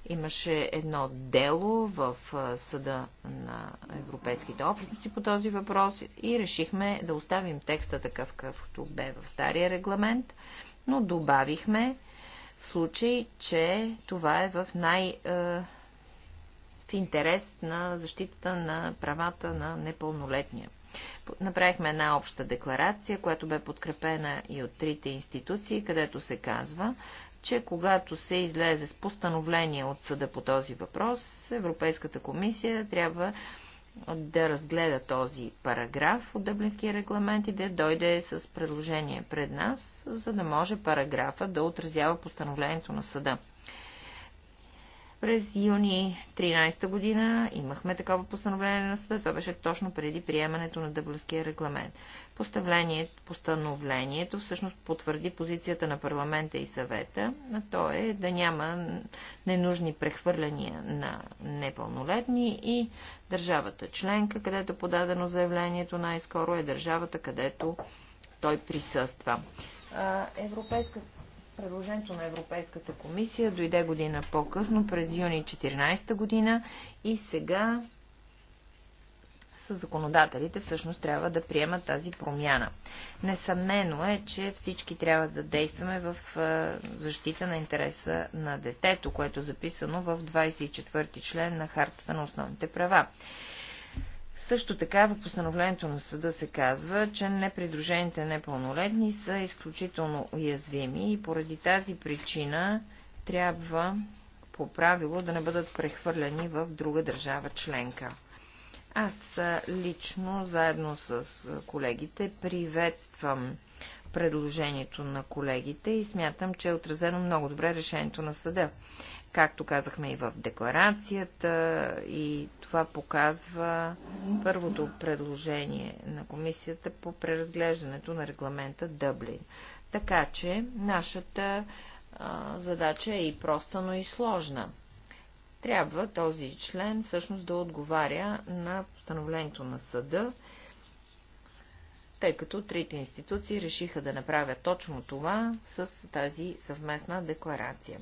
имаше едно дело в Съда на Европейските общности по този въпрос и решихме да оставим текста такъв, какъвто бе в стария регламент, но добавихме в случай, че това е в най- е, в интерес на защитата на правата на непълнолетния. Направихме една обща декларация, която бе подкрепена и от трите институции, където се казва, че когато се излезе с постановление от съда по този въпрос, Европейската комисия трябва да разгледа този параграф от Дъблинския регламент и да дойде с предложение пред нас, за да може параграфа да отразява постановлението на съда. През юни 13 година имахме такова постановление на съда. Това беше точно преди приемането на Дъблинския регламент. Постановлението всъщност потвърди позицията на парламента и съвета, а то е да няма ненужни прехвърляния на непълнолетни и държавата членка, където подадено заявлението най-скоро е държавата, където той присъства. Европейската Предложението на Европейската комисия дойде година по-късно, през юни 14 година и сега с законодателите всъщност трябва да приемат тази промяна. Несъмнено е, че всички трябва да действаме в защита на интереса на детето, което е записано в 24 член на Хартата на основните права. Също така в постановлението на съда се казва, че непридружените непълнолетни са изключително уязвими и поради тази причина трябва по правило да не бъдат прехвърляни в друга държава членка. Аз лично, заедно с колегите, приветствам предложението на колегите и смятам, че е отразено много добре решението на съда както казахме и в декларацията, и това показва първото предложение на комисията по преразглеждането на регламента Дъблин. Така че нашата а, задача е и проста, но и сложна. Трябва този член всъщност да отговаря на постановлението на съда, тъй като трите институции решиха да направят точно това с тази съвместна декларация.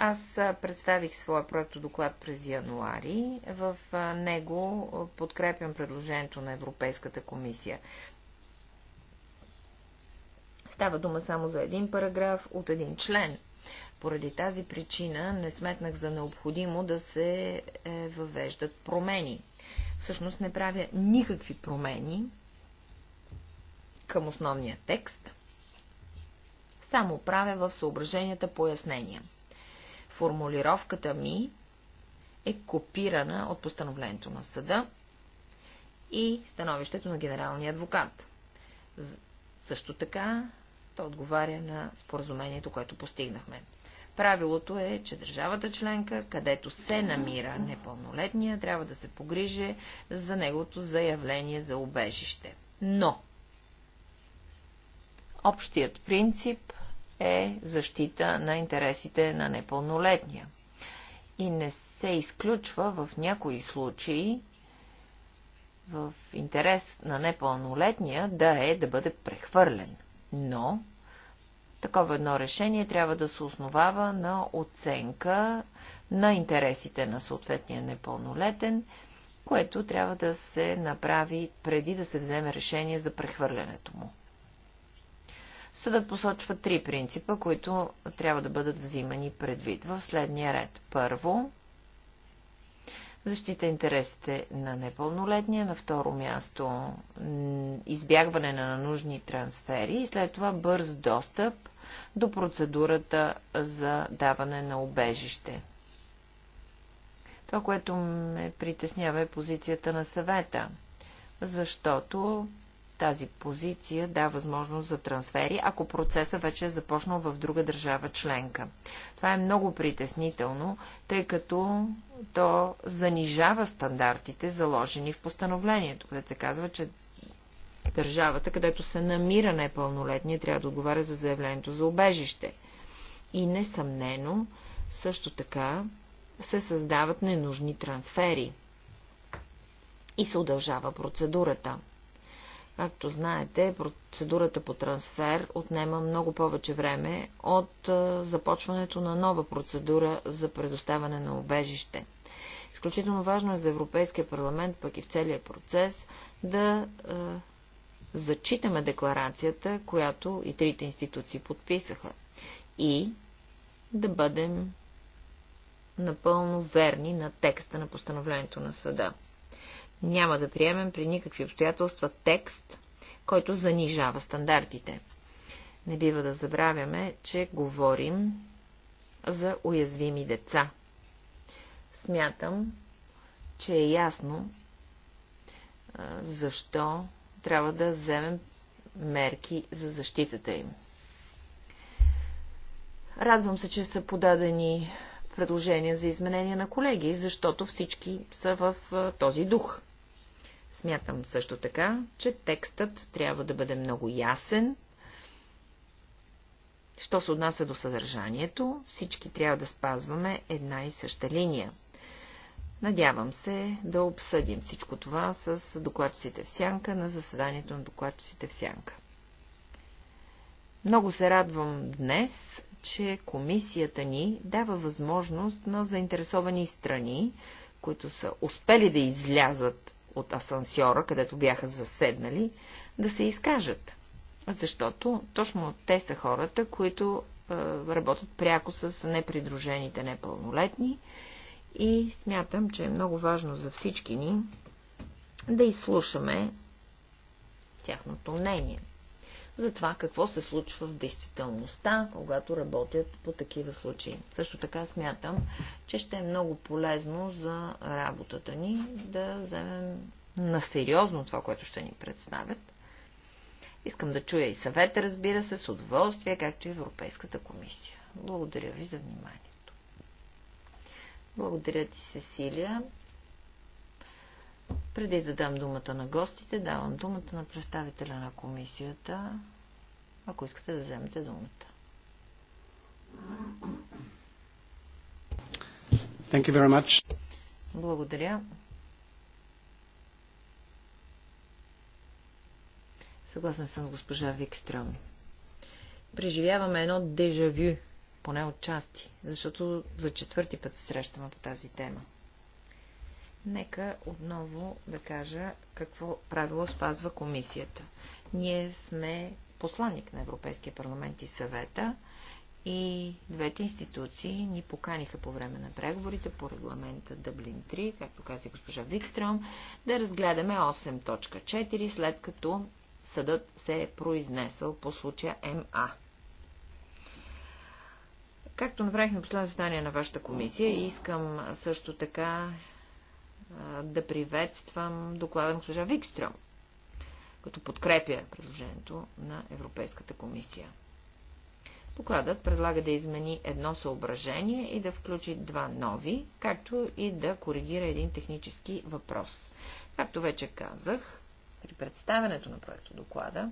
Аз представих своя проекто доклад през януари. В него подкрепям предложението на Европейската комисия. Става дума само за един параграф от един член. Поради тази причина не сметнах за необходимо да се е, въвеждат промени. Всъщност не правя никакви промени към основния текст, само правя в съображенията пояснения. Формулировката ми е копирана от постановлението на съда и становището на генералния адвокат. Също така, то отговаря на споразумението, което постигнахме. Правилото е, че държавата членка, където се намира непълнолетния, трябва да се погрижи за неговото заявление за убежище. Но общият принцип е защита на интересите на непълнолетния. И не се изключва в някои случаи в интерес на непълнолетния да е да бъде прехвърлен. Но такова едно решение трябва да се основава на оценка на интересите на съответния непълнолетен, което трябва да се направи преди да се вземе решение за прехвърлянето му. Съдът посочва три принципа, които трябва да бъдат взимани предвид в следния ред. Първо, защита интересите на непълнолетния, на второ място избягване на нужни трансфери и след това бърз достъп до процедурата за даване на обежище. Това, което ме притеснява е позицията на съвета, защото тази позиция дава възможност за трансфери, ако процесът вече е започнал в друга държава членка. Това е много притеснително, тъй като то занижава стандартите, заложени в постановлението, където се казва, че държавата, където се намира непълнолетния, трябва да отговаря за заявлението за убежище. И несъмнено, също така, се създават ненужни трансфери. И се удължава процедурата. Както знаете, процедурата по трансфер отнема много повече време от започването на нова процедура за предоставяне на обежище. Изключително важно е за Европейския парламент, пък и в целия процес, да е, зачитаме декларацията, която и трите институции подписаха. И да бъдем напълно верни на текста на постановлението на съда. Няма да приемем при никакви обстоятелства текст, който занижава стандартите. Не бива да забравяме, че говорим за уязвими деца. Смятам, че е ясно защо трябва да вземем мерки за защитата им. Радвам се, че са подадени предложения за изменения на колеги, защото всички са в този дух. Смятам също така, че текстът трябва да бъде много ясен. Що се отнася до съдържанието, всички трябва да спазваме една и съща линия. Надявам се да обсъдим всичко това с докладчиците в сянка на заседанието на докладчиците в сянка. Много се радвам днес, че комисията ни дава възможност на заинтересовани страни, които са успели да излязат от асансьора, където бяха заседнали, да се изкажат. Защото точно те са хората, които е, работят пряко с непридружените непълнолетни и смятам, че е много важно за всички ни да изслушаме тяхното мнение за това какво се случва в действителността, когато работят по такива случаи. Също така смятам, че ще е много полезно за работата ни да вземем на сериозно това, което ще ни представят. Искам да чуя и съвета, разбира се, с удоволствие, както и Европейската комисия. Благодаря ви за вниманието. Благодаря ти, Сесилия. Преди да дам думата на гостите, давам думата на представителя на комисията, ако искате да вземете думата. Thank you very much. Благодаря. Съгласен съм с госпожа Викстрем. Преживяваме едно дежавю, поне от части, защото за четвърти път се срещаме по тази тема. Нека отново да кажа какво правило спазва комисията. Ние сме посланник на Европейския парламент и съвета и двете институции ни поканиха по време на преговорите по регламента Дъблин 3, както каза госпожа Викстром, да разгледаме 8.4, след като съдът се е произнесъл по случая МА. Както направих на последното заседание на вашата комисия, искам също така да приветствам доклада на госпожа Викстрем, като подкрепя предложението на Европейската комисия. Докладът предлага да измени едно съображение и да включи два нови, както и да коригира един технически въпрос. Както вече казах, при представянето на проекта доклада,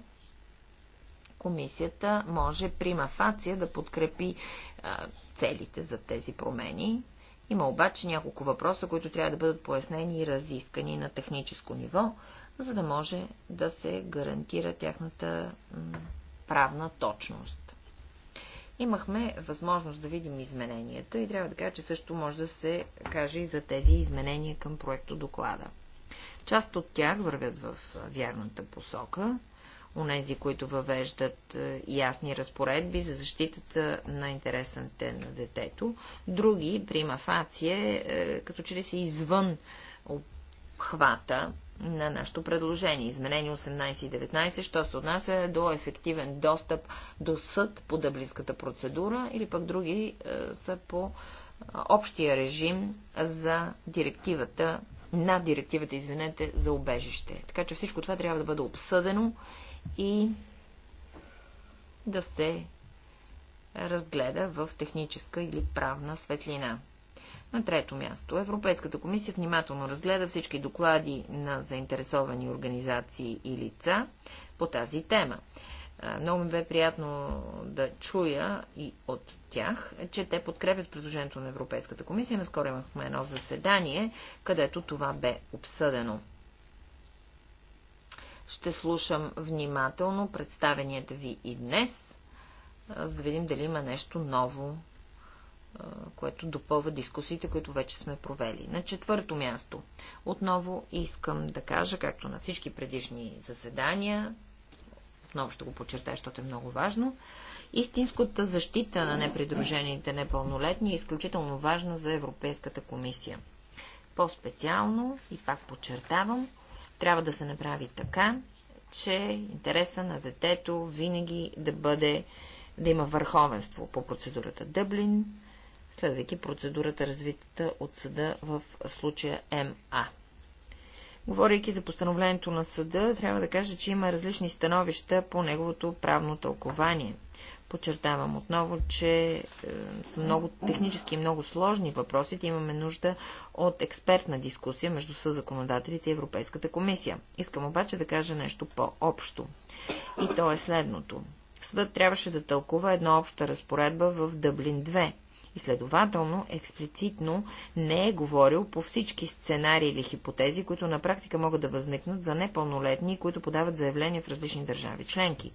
комисията може прима фация да подкрепи а, целите за тези промени, има обаче няколко въпроса, които трябва да бъдат пояснени и разискани на техническо ниво, за да може да се гарантира тяхната правна точност. Имахме възможност да видим измененията и трябва да кажа, че също може да се каже и за тези изменения към проекто доклада. Част от тях вървят в вярната посока, онези, които въвеждат е, ясни разпоредби за защитата на интересите на детето. Други, прима фация, е, като че ли са извън обхвата на нашето предложение. Изменени 18 и 19, що се отнася до ефективен достъп до съд по дъблинската процедура или пък други е, са по общия режим за директивата, на директивата, извинете, за обежище. Така че всичко това трябва да бъде обсъдено и да се разгледа в техническа или правна светлина. На трето място, Европейската комисия внимателно разгледа всички доклади на заинтересовани организации и лица по тази тема. Много ми бе приятно да чуя и от тях, че те подкрепят предложението на Европейската комисия. Наскоро имахме едно заседание, където това бе обсъдено. Ще слушам внимателно представенията ви и днес, за да видим дали има нещо ново, което допълва дискусиите, които вече сме провели. На четвърто място отново искам да кажа, както на всички предишни заседания, отново ще го подчертая, защото е много важно, истинската защита на непридружените непълнолетни е изключително важна за Европейската комисия. По-специално, и пак подчертавам, трябва да се направи така, че интереса на детето винаги да бъде, да има върховенство по процедурата Дъблин, следвайки процедурата развитата от съда в случая МА. Говорейки за постановлението на съда, трябва да кажа, че има различни становища по неговото правно тълкование. Подчертавам отново, че е, са много технически и много сложни въпросите. Имаме нужда от експертна дискусия между съзаконодателите и Европейската комисия. Искам обаче да кажа нещо по-общо. И то е следното. Съдът трябваше да тълкува една обща разпоредба в Дъблин 2 и следователно експлицитно не е говорил по всички сценарии или хипотези, които на практика могат да възникнат за непълнолетни, които подават заявления в различни държави членки.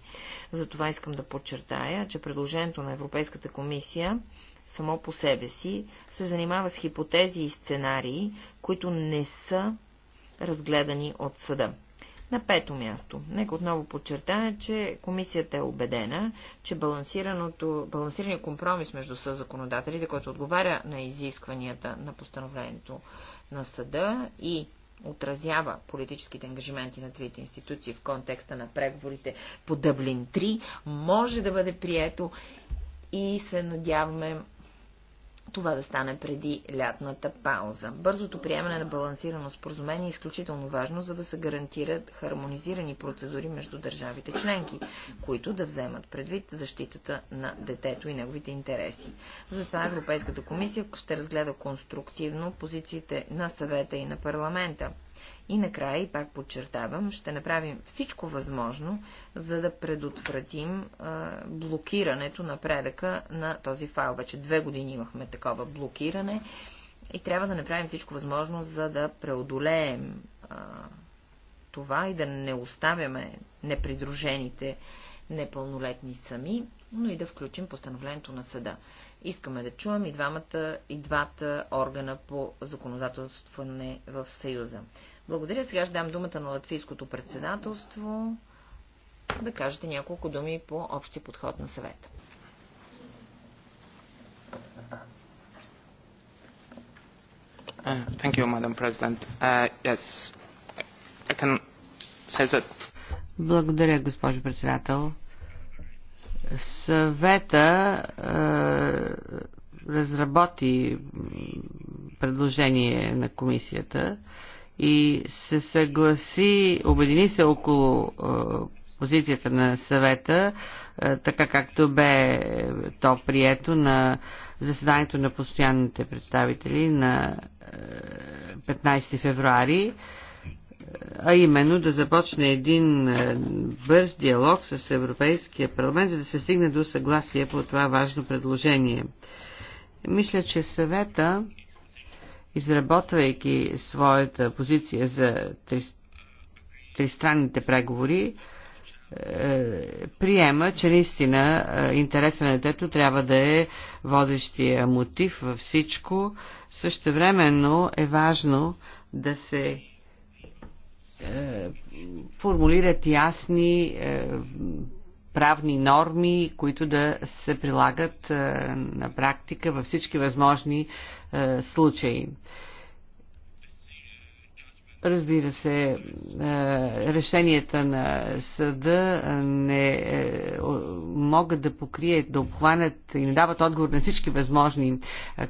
Затова искам да подчертая, че предложението на Европейската комисия само по себе си се занимава с хипотези и сценарии, които не са разгледани от съда. На пето място, нека отново подчертая, че комисията е убедена, че балансираният компромис между законодателите, който отговаря на изискванията на постановлението на съда и отразява политическите ангажименти на трите институции в контекста на преговорите по Дъблин 3, може да бъде прието и се надяваме това да стане преди лятната пауза. Бързото приемане на балансирано споразумение е изключително важно, за да се гарантират хармонизирани процедури между държавите членки, които да вземат предвид защитата на детето и неговите интереси. Затова Европейската комисия ще разгледа конструктивно позициите на съвета и на парламента и накрая, и пак подчертавам, ще направим всичко възможно, за да предотвратим а, блокирането напредъка на този файл. Вече две години имахме такова блокиране и трябва да направим всичко възможно, за да преодолеем а, това и да не оставяме непридружените непълнолетни сами, но и да включим постановлението на съда. Искаме да чуем и двамата, и двата органа по законодателстване в Съюза. Благодаря. Сега ще дам думата на латвийското председателство да кажете няколко думи по общия подход на съвета. Uh, you, uh, yes. that... Благодаря, госпожо председател. Съвета е, разработи предложение на комисията и се съгласи, обедини се около е, позицията на съвета, е, така както бе то прието на заседанието на постоянните представители на 15 е, февруари. Е, а именно да започне един е, бърз диалог с Европейския парламент, за да се стигне до съгласие по това важно предложение. Мисля, че съвета, изработвайки своята позиция за тристранните преговори, е, приема, че наистина е, интереса на детето трябва да е водещия мотив във всичко. Същевременно е важно да се е, формулират ясни е, правни норми, които да се прилагат е, на практика във всички възможни случаи. Разбира се, решенията на съда не могат да покрият, да обхванат и не дават отговор на всички възможни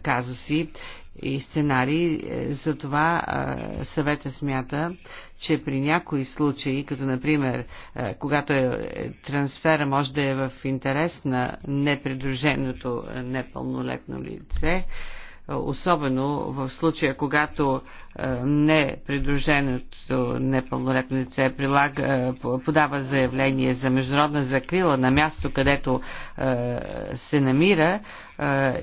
казуси и сценарии. Е, затова е, съвета смята, че при някои случаи, като например, е, когато е, трансфера може да е в интерес на непридруженото непълнолетно лице, особено в случая, когато непридруженото непълнолетно лице прилага, подава заявление за международна закрила на място, където се намира,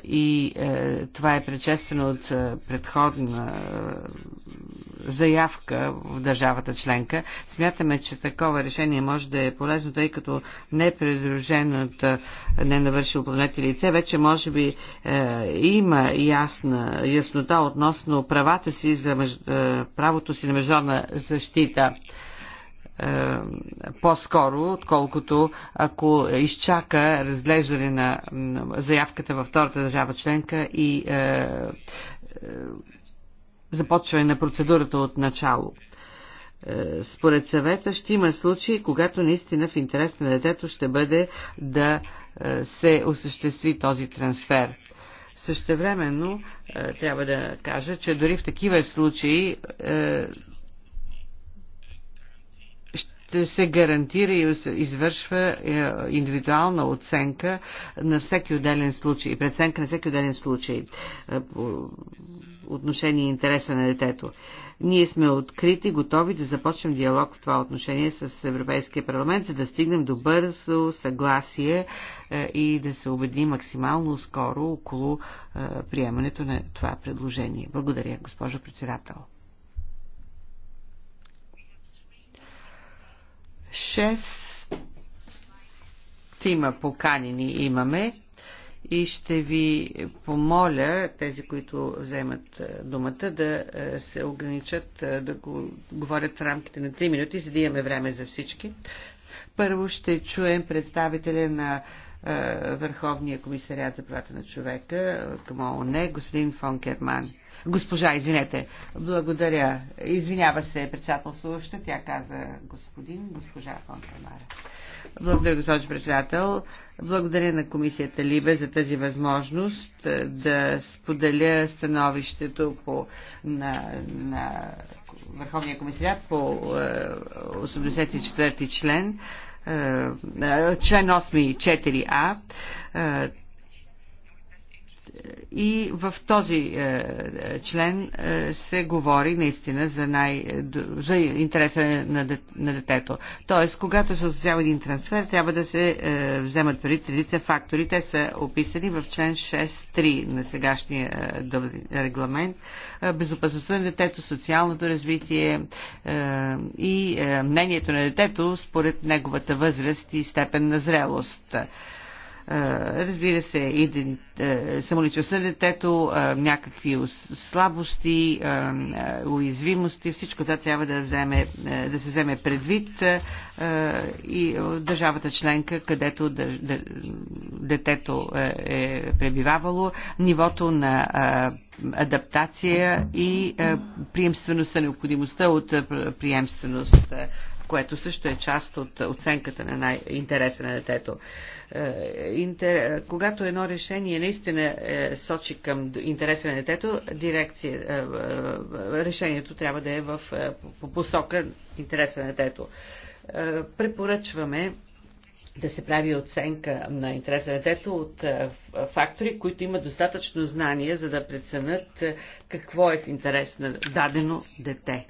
и е, това е предшествено от е, предходна е, заявка в държавата членка. Смятаме, че такова решение може да е полезно, тъй като непредруженото ненавършило планети лице вече може би има ясна, яснота относно правата си за правото си на международна защита. Е, по-скоро, отколкото ако изчака разглеждане на заявката във втората държава членка и е, е, започване на процедурата от начало. Според съвета ще има случаи, когато наистина в интерес на детето ще бъде да се осъществи този трансфер. Същевременно трябва да кажа, че дори в такива случаи ще се гарантира и извършва е, индивидуална оценка на всеки отделен случай, преценка на всеки отделен случай е, по отношение и интереса на детето. Ние сме открити, готови да започнем диалог в това отношение с Европейския парламент, за да стигнем до бързо съгласие е, и да се убеди максимално скоро около приемането на това предложение. Благодаря, госпожо председател. Шест тима поканени имаме и ще ви помоля тези, които вземат е, думата, да е, се ограничат, е, да го говорят в рамките на 3 минути, за да имаме време за всички. Първо ще чуем представителя на Върховния комисариат за правата на човека към ООН, господин Фон Керман. Госпожа, извинете. Благодаря. Извинява се председателстваща. Тя каза господин, госпожа Фонтамара. Благодаря, госпожо председател. Благодаря на комисията Либе за тази възможност е, да споделя становището по, на, на Върховния комисариат по 84 е, член, е, член 8 4а и в този е, член е, се говори наистина за, най, за интереса на, детето. Тоест, когато се осъществява един трансфер, трябва да се е, вземат преди редица фактори. Те са описани в член 6.3 на сегашния регламент. Безопасността на детето, социалното развитие и мнението на детето според неговата възраст и степен на зрелост. Разбира се, и самоличността на детето, някакви слабости, уязвимости, всичко това трябва да, вземе, да се вземе предвид и държавата членка, където детето е пребивавало, нивото на адаптация и приемственост, необходимостта от приемственост което също е част от оценката на най- интереса на детето. Е, интер... Когато едно решение наистина е, сочи към интереса на детето, дирекция, е, решението трябва да е в по посока интереса на детето. Препоръчваме да се прави оценка на интереса на детето от фактори, които имат достатъчно знание, за да преценят какво е в интерес на дадено дете.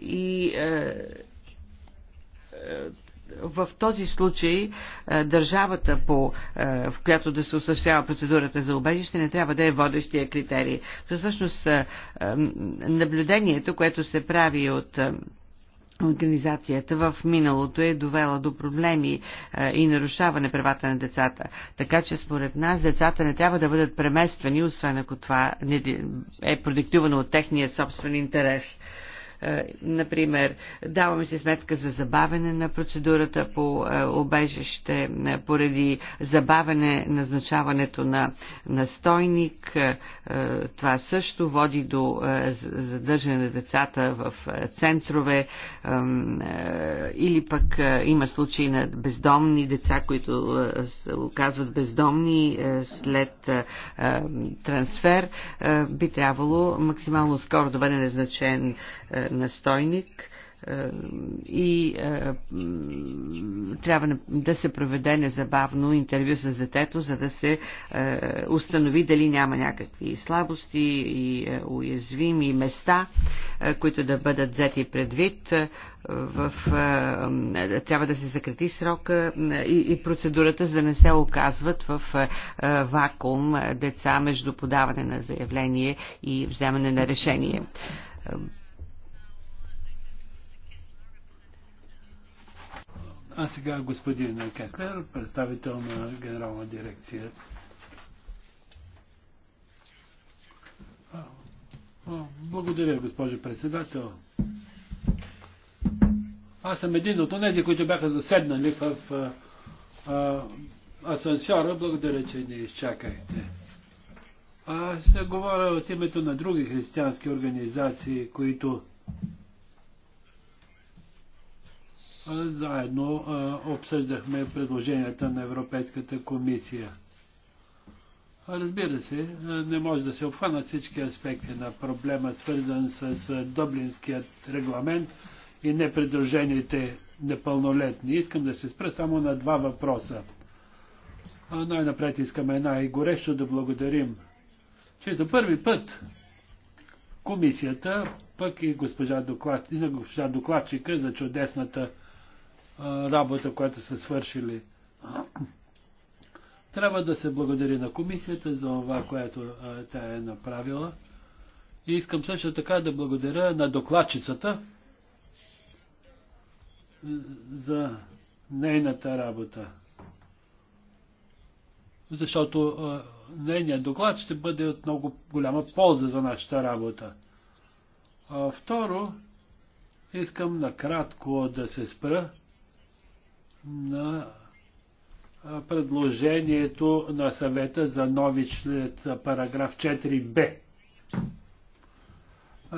И в този случай е, държавата, по, е, в която да се осъществява процедурата за убежище, не трябва да е водещия критерий. Всъщност е, наблюдението, което се прави от Организацията в миналото е довела до проблеми и нарушаване правата на децата. Така че според нас децата не трябва да бъдат премествани, освен ако това е продиктувано от техния собствен интерес. Е, например, даваме си сметка за забавене на процедурата по е, обежище, е, поради забавене назначаването на настойник. Това също води до задържане на децата в центрове или пък има случаи на бездомни деца, които се оказват бездомни след трансфер. Би трябвало максимално скоро да бъде назначен настойник е, и е, трябва да се проведе незабавно интервю с детето, за да се е, установи дали няма някакви слабости и е, уязвими места, е, които да бъдат взети предвид. Е, в, е, трябва да се съкрати срока и, и процедурата, за да не се оказват в е, е вакуум деца между подаване на заявление и вземане на решение. А сега господин Кеслер, представител на генерална дирекция. Благодаря, госпожо председател. Аз съм един от тези, които бяха заседнали в а, а, асансьора. Благодаря, че ни изчакахте. А ще говоря от името на други християнски организации, които заедно обсъждахме предложенията на Европейската комисия. Разбира се, не може да се обхванат всички аспекти на проблема, свързан с Дъблинският регламент и непридружените непълнолетни. Искам да се спра само на два въпроса. Най-напред искаме най-горещо да благодарим, че за първи път комисията, пък и госпожа, доклад, и госпожа докладчика за чудесната работа, която са свършили. Трябва да се благодари на комисията за това, което тя е направила. И искам също така да благодаря на докладчицата за нейната работа. Защото нейният доклад ще бъде от много голяма полза за нашата работа. А, второ, искам накратко да се спра на предложението на съвета за нови член параграф 4б.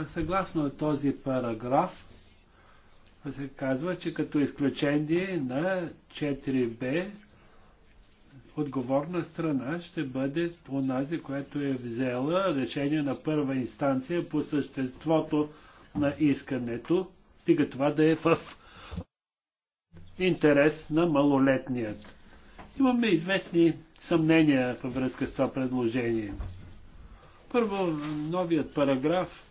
Съгласно този параграф се казва, че като изключение на 4б отговорна страна ще бъде онази, която е взела решение на първа инстанция по съществото на искането, стига това да е в интерес на малолетният. Имаме известни съмнения във връзка с това предложение. Първо, новият параграф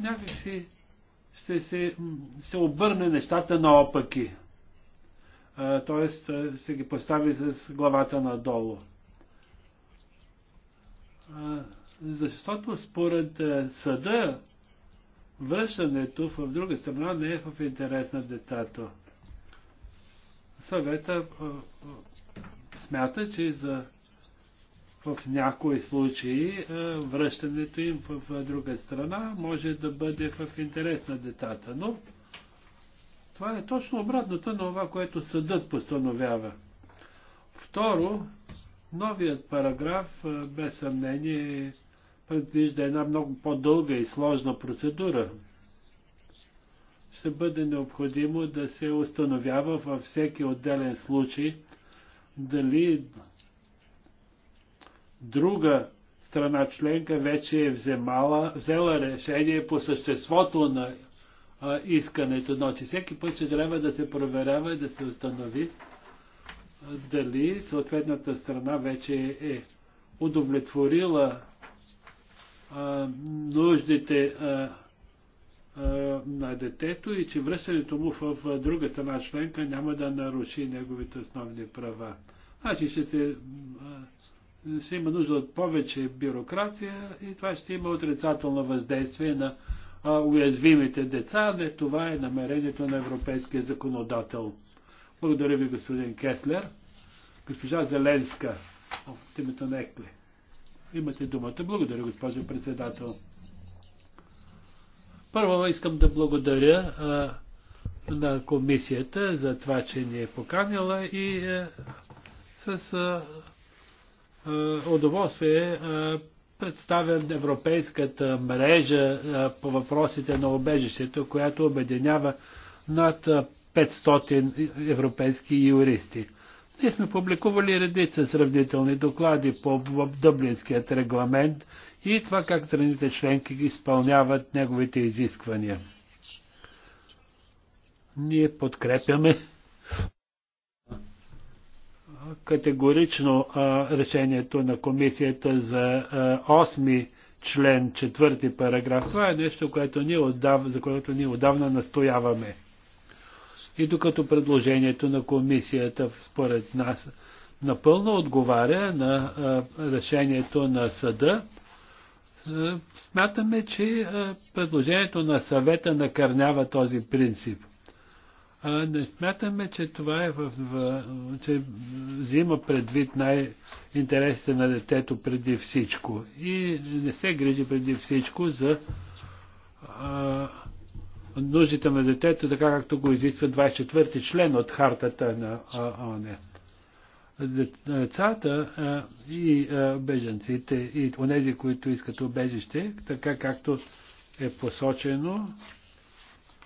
някакси ще се, се обърне нещата наопаки. Тоест, ще ги постави с главата надолу. А, защото според съда връщането в друга страна не е в интерес на децата. Съвета смята, че за в някои случаи връщането им в друга страна може да бъде в интерес на децата. Но това е точно обратното на това, което съдът постановява. Второ, новият параграф без съмнение е предвижда една много по-дълга и сложна процедура. Ще бъде необходимо да се установява във всеки отделен случай дали друга страна членка вече е вземала, взела решение по съществото на а, искането. Но значи, че всеки път ще трябва да се проверява и да се установи дали съответната страна вече е удовлетворила нуждите на детето и че връщането му в друга страна членка няма да наруши неговите основни права. Значи ще се ще има нужда от повече бюрокрация и това ще има отрицателно въздействие на уязвимите деца. Не това е намерението на европейския законодател. Благодаря ви, господин Кеслер. Госпожа Зеленска от името на Екле. Имате думата. Благодаря, госпожо председател. Първо искам да благодаря а, на комисията за това, че ни е поканила и а, с а, а, удоволствие а, представям европейската мрежа а, по въпросите на обежището, която обединява над 500 европейски юристи. Ние сме публикували редица сравнителни доклади по Дъблинският регламент и това как страните членки изпълняват неговите изисквания. Ние подкрепяме категорично а, решението на комисията за а, 8 член 4 параграф. Това е нещо, което ние отдав... за което ние отдавна настояваме. И докато предложението на комисията, според нас, напълно отговаря на решението на съда, смятаме, че предложението на съвета накърнява този принцип. Не смятаме, че това е в, в, че взима предвид най-интересите на детето преди всичко. И не се грижи преди всичко за а, нуждите на детето, така както го изисква 24-ти член от хартата на ООН. Децата и беженците и онези, които искат убежище, така както е посочено,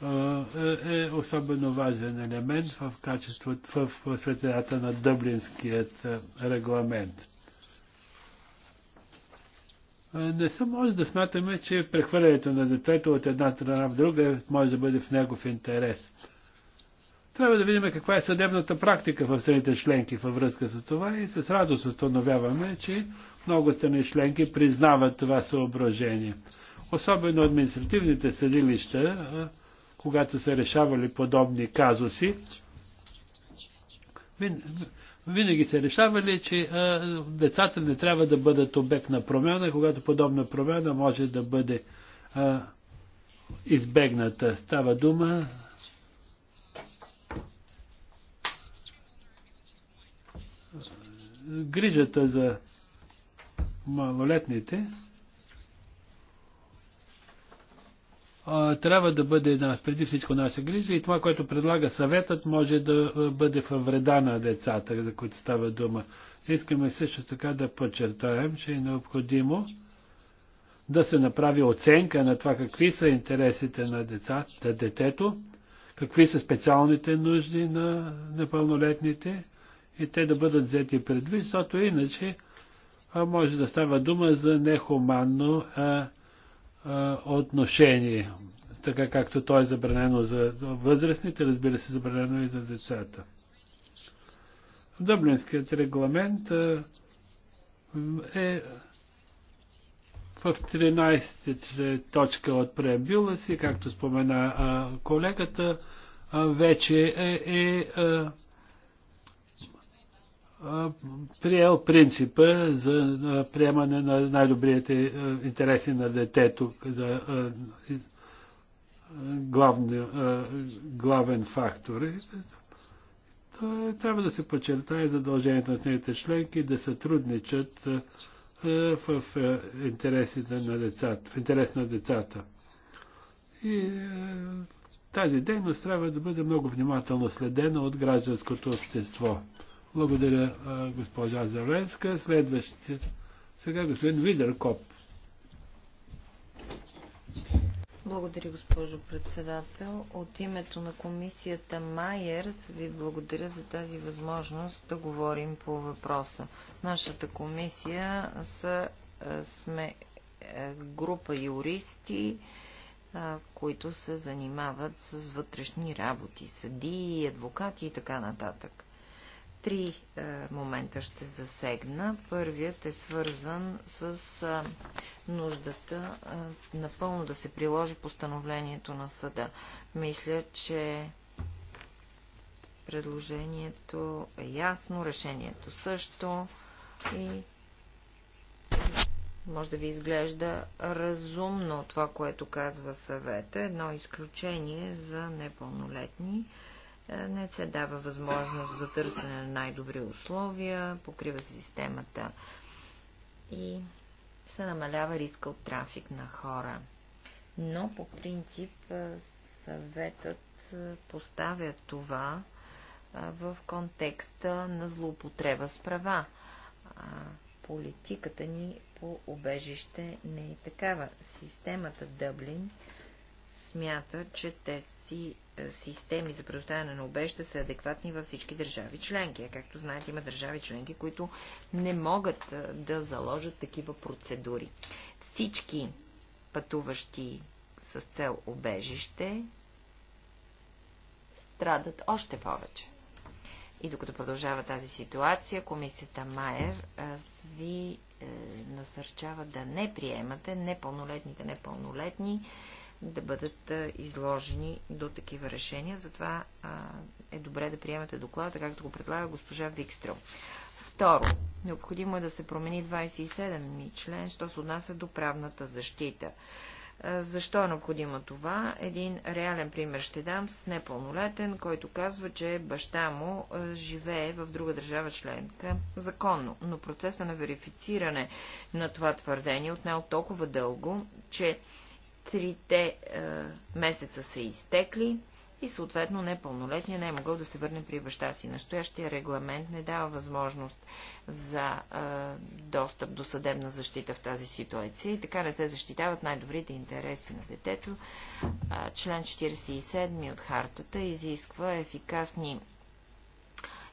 е, е особено важен елемент в качеството в светлината на Дъблинският регламент не са може да смятаме, че прехвърлянето на детето от една страна в друга може да бъде в негов интерес. Трябва да видим каква е съдебната практика в страните членки във връзка с това и с радост установяваме, че много страни членки признават това съображение. Особено административните съдилища, когато са решавали подобни казуси, винаги се решавали, че а, децата не трябва да бъдат обект на промяна, когато подобна промяна може да бъде а, избегната. Става дума грижата за малолетните трябва да бъде на, преди всичко наша грижа и това, което предлага съветът, може да бъде във вреда на децата, за които става дума. Искаме също така да подчертаем, че е необходимо да се направи оценка на това какви са интересите на, деца, на детето, какви са специалните нужди на непълнолетните и те да бъдат взети предвид, защото иначе може да става дума за нехуманно а, отношение, така както то е забранено за възрастните, разбира се, забранено и за децата. Дъблинският регламент е в 13 точка от преамбюла си, както спомена колегата, вече е, е, е приел принципа за приемане на най-добрите интереси на детето за главни, главен фактор. Е, трябва да се подчертае задължението на тези членки да сътрудничат в интересите на децата, в интерес на децата. И тази дейност трябва да бъде много внимателно следена от гражданското общество. Благодаря, госпожа Завенска. Следващия. Сега господин Видер Коп. Благодаря, госпожо председател. От името на комисията Майерс ви благодаря за тази възможност да говорим по въпроса. Нашата комисия са, сме група юристи, които се занимават с вътрешни работи, съдии, адвокати и така нататък. Три е, момента ще засегна. Първият е свързан с е, нуждата е, напълно да се приложи постановлението на съда. Мисля, че предложението е ясно, решението също и може да ви изглежда разумно това, което казва съвета. Едно изключение за непълнолетни. Е, не се дава възможност за търсене на най-добри условия, покрива се системата и се намалява риска от трафик на хора. Но по принцип е, съветът е, поставя това в контекста на злоупотреба с права. А политиката ни по обежище не е такава. Системата Дъблин смята, че те тези е, системи за предоставяне на обеща са адекватни във всички държави членки. А както знаете, има държави членки, които не могат е, да заложат такива процедури. Всички пътуващи с цел обежище страдат още повече. И докато продължава тази ситуация, комисията Майер е, ви е, насърчава да не приемате непълнолетните непълнолетни, непълнолетни да бъдат изложени до такива решения. Затова е добре да приемете доклада, както го предлага госпожа Викстрел. Второ, необходимо е да се промени 27 ми член, що се отнася до правната защита. Защо е необходимо това? Един реален пример ще дам с непълнолетен, който казва, че баща му живее в друга държава членка законно, но процеса на верифициране на това твърдение е отнел толкова дълго, че трите е, месеца са изтекли и съответно непълнолетният не е могъл да се върне при баща си. Настоящия регламент не дава възможност за е, достъп до съдебна защита в тази ситуация и така не се защитават най-добрите интереси на детето. Е, член 47 от хартата изисква ефикасни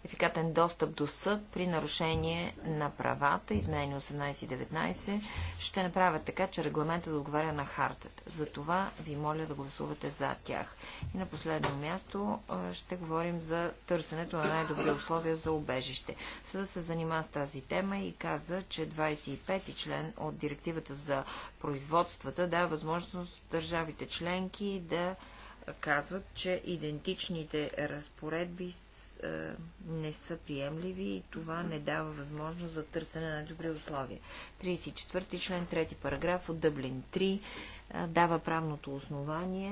ефикатен достъп до съд при нарушение на правата, изменени 18 и 19, ще направят така, че регламентът да отговаря на хартата. За това ви моля да гласувате за тях. И на последно място ще говорим за търсенето на най-добри условия за убежище. Съда се занима с тази тема и каза, че 25 ти член от директивата за производствата дава възможност държавите членки да казват, че идентичните разпоредби е, не са приемливи и това не дава възможност за търсене на добри условия. 34 член 3 параграф от Дъблин 3 е, дава правното основание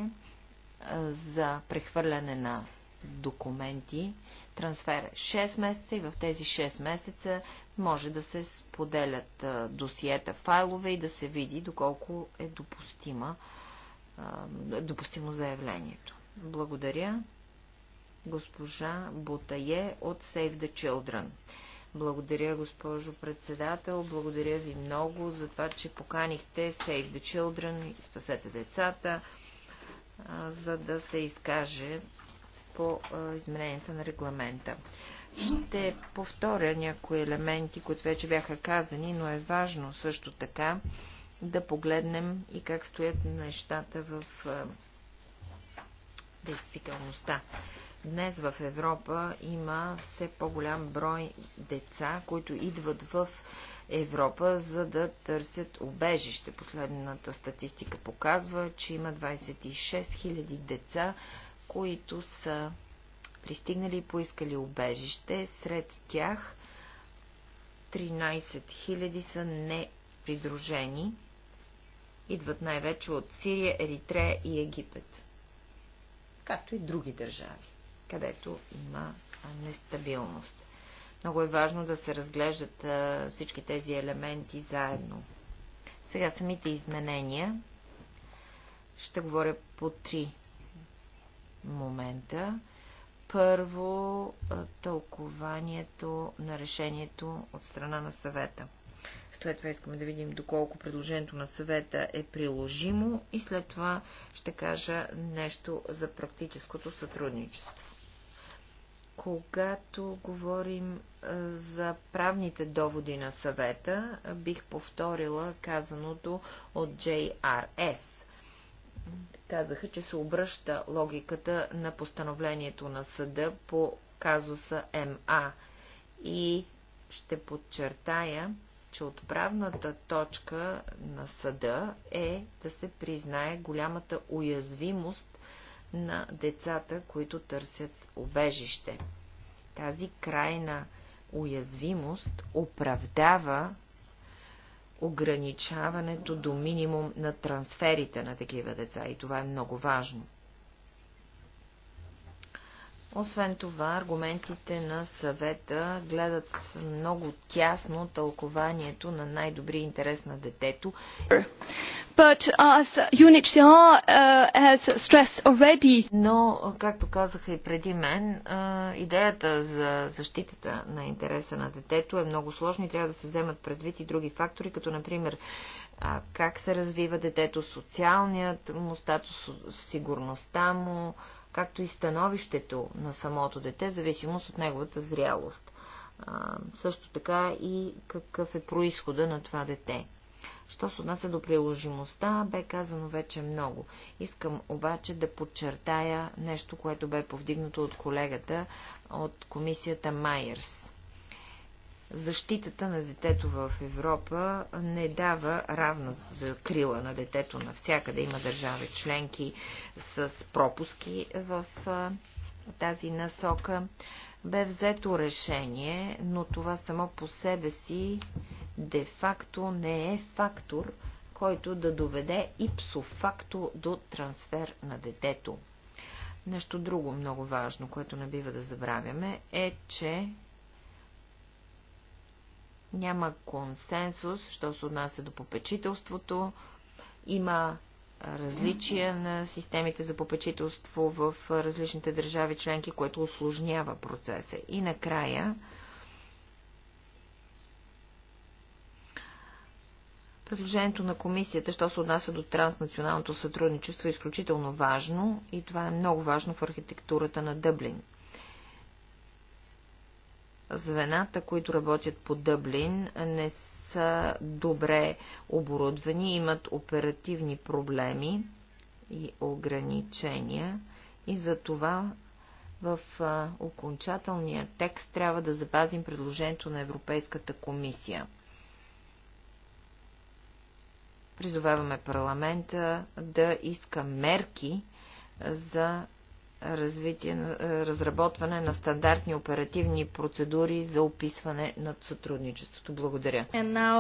е, за прехвърляне на документи, трансфер е 6 месеца и в тези 6 месеца може да се споделят досиета, файлове и да се види доколко е допустимо заявлението. Благодаря госпожа Бутае от Save the Children. Благодаря, госпожо председател. Благодаря ви много за това, че поканихте Save the Children, спасете децата, за да се изкаже по измененията на регламента. Ще повторя някои елементи, които вече бяха казани, но е важно също така да погледнем и как стоят нещата в действителността. Днес в Европа има все по-голям брой деца, които идват в Европа, за да търсят обежище. Последната статистика показва, че има 26 000 деца, които са пристигнали и поискали обежище. Сред тях 13 000 са непридружени. Идват най-вече от Сирия, Еритрея и Египет както и други държави, където има нестабилност. Много е важно да се разглеждат всички тези елементи заедно. Сега самите изменения. Ще говоря по три момента. Първо, тълкованието на решението от страна на съвета. След това искаме да видим доколко предложението на съвета е приложимо и след това ще кажа нещо за практическото сътрудничество. Когато говорим за правните доводи на съвета, бих повторила казаното от JRS. Казаха, че се обръща логиката на постановлението на съда по казуса МА. И ще подчертая, че отправната точка на съда е да се признае голямата уязвимост на децата, които търсят обежище. Тази крайна уязвимост оправдава ограничаването до минимум на трансферите на такива деца и това е много важно. Освен това, аргументите на съвета гледат много тясно тълкованието на най-добрия интерес на детето. But as UNHCR uh, has stressed already... Но, както казаха и преди мен, uh, идеята за защитата на интереса на детето е много сложна и трябва да се вземат предвид и други фактори, като например uh, как се развива детето, социалният му статус, сигурността му, както и становището на самото дете, зависимост от неговата зрялост. А, също така и какъв е происхода на това дете. Що се отнася до приложимостта, бе казано вече много. Искам обаче да подчертая нещо, което бе повдигнато от колегата от комисията Майерс защитата на детето в Европа не дава равна закрила на детето навсякъде. Има държави членки с пропуски в тази насока. Бе взето решение, но това само по себе си де-факто не е фактор, който да доведе и псофакто до трансфер на детето. Нещо друго много важно, което не бива да забравяме, е, че няма консенсус, що се отнася до попечителството. Има различия на системите за попечителство в различните държави членки, което осложнява процеса. И накрая, Предложението на комисията, що се отнася до транснационалното сътрудничество, е изключително важно и това е много важно в архитектурата на Дъблин – звената, които работят по Дъблин, не са добре оборудвани, имат оперативни проблеми и ограничения и за това в окончателния текст трябва да запазим предложението на Европейската комисия. Призоваваме парламента да иска мерки за развитие, е, разработване на стандартни оперативни процедури за описване на сътрудничеството. Благодаря. Now,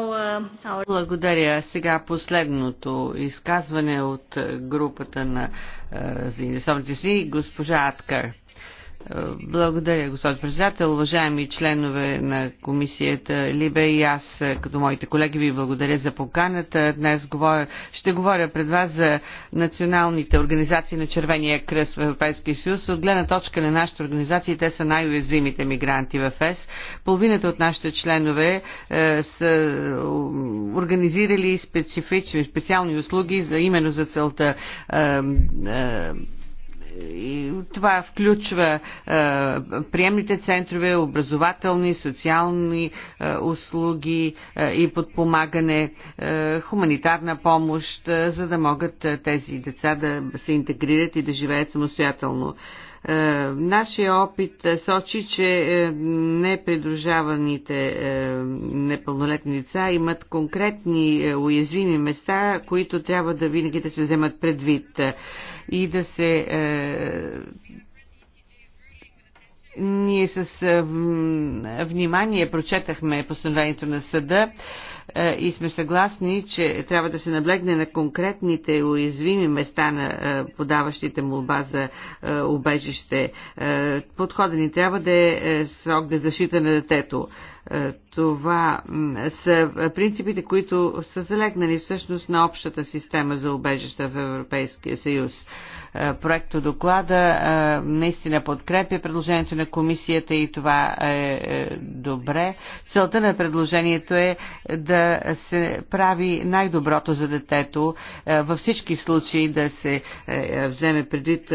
uh, our... Благодаря. Сега последното изказване от групата на uh, заинтересованите си, госпожа Аткар. Е, благодаря, господин председател. Уважаеми членове на комисията Либе и аз, е, като моите колеги, ви благодаря за поканата. Днес говоря, ще говоря пред вас за националните организации на Червения кръст в Европейския съюз. От гледна точка на нашите организации, те са най-уязвимите мигранти в ЕС. Половината от нашите членове е, са организирали специфични, специални услуги за, именно за целта е, е, и това включва е, приемните центрове, образователни, социални е, услуги е, и подпомагане, хуманитарна помощ, за да могат тези деца да се интегрират и да живеят самостоятелно. Е, нашия опит сочи, че е, непридружаваните е, непълнолетни деца имат конкретни уязвими места, които трябва да винаги да се вземат предвид и да се ние с внимание прочетахме постановлението на съда. Е, и сме съгласни, че трябва да се наблегне на конкретните уязвими места на е, подаващите молба за е, убежище. Подхода ни трябва да е с огнен защита на детето. Това са принципите, които са залегнали всъщност на общата система за убежища в Европейския съюз. Проекто доклада наистина подкрепя предложението на комисията и това е добре. Целта на предложението е да да се прави най-доброто за детето, е, във всички случаи да се е, е, вземе предвид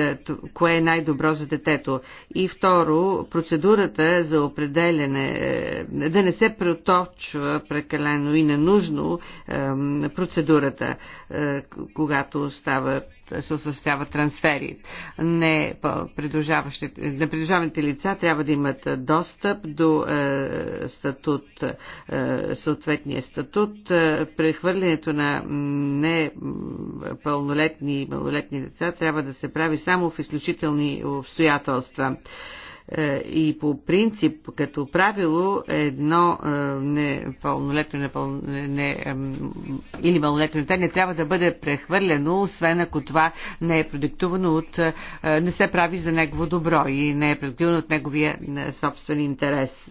кое е най-добро за детето. И второ, процедурата за определене, да не се проточва прекалено и ненужно процедурата, когато става се осъществяват трансфери. Не придружаваните лица трябва да имат достъп до е, статут, е, съответния статут. Е, прехвърлянето на непълнолетни и малолетни деца трябва да се прави само в изключителни обстоятелства. Е, е, и по принцип, като правило, едно непълнолетно, не, или малолетно дете не трябва да бъде прехвърлено, освен ако това не е продиктувано от, е, не се прави за негово добро и не е продиктовано от неговия е, собствен интерес.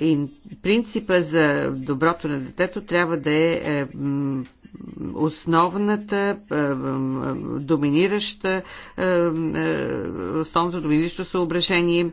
И принципа за доброто на детето трябва да е основната, е, е, е, доминираща, основното доминиращо съображение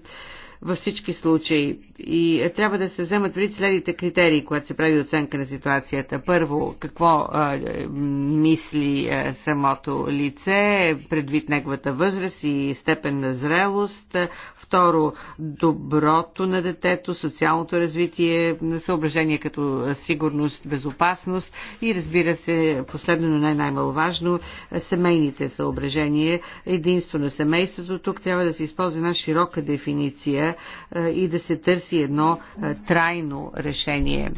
във всички случаи и е, трябва да се вземат преди следите критерии, когато се прави оценка на ситуацията. Първо, какво а, е, мисли а, е, самото лице, предвид неговата възраст и степен на зрелост. Второ, доброто на детето, социалното развитие, съображение като сигурност, безопасност и разбира се, последно, но най най-маловажно, семейните съображения, единство на семейството. Тук трябва да се използва една широка дефиниция е, и да се търси едно е, трайно решение.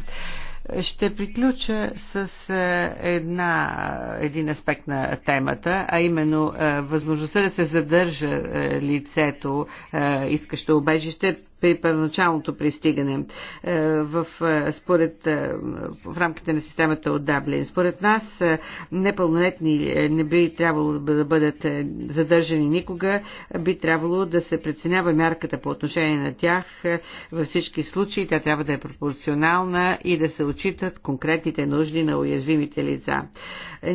Ще приключа с е, една, един аспект на темата, а именно възможността да се задържа лицето, искащо обежище при първоначалното пристигане е, в, е, според, е, в рамките на системата от Даблин. Според нас непълнолетни не би трябвало да бъдат задържани никога, би трябвало да се преценява мярката по отношение на тях във всички случаи. Тя трябва да е пропорционална и да се отчитат конкретните нужди на уязвимите лица.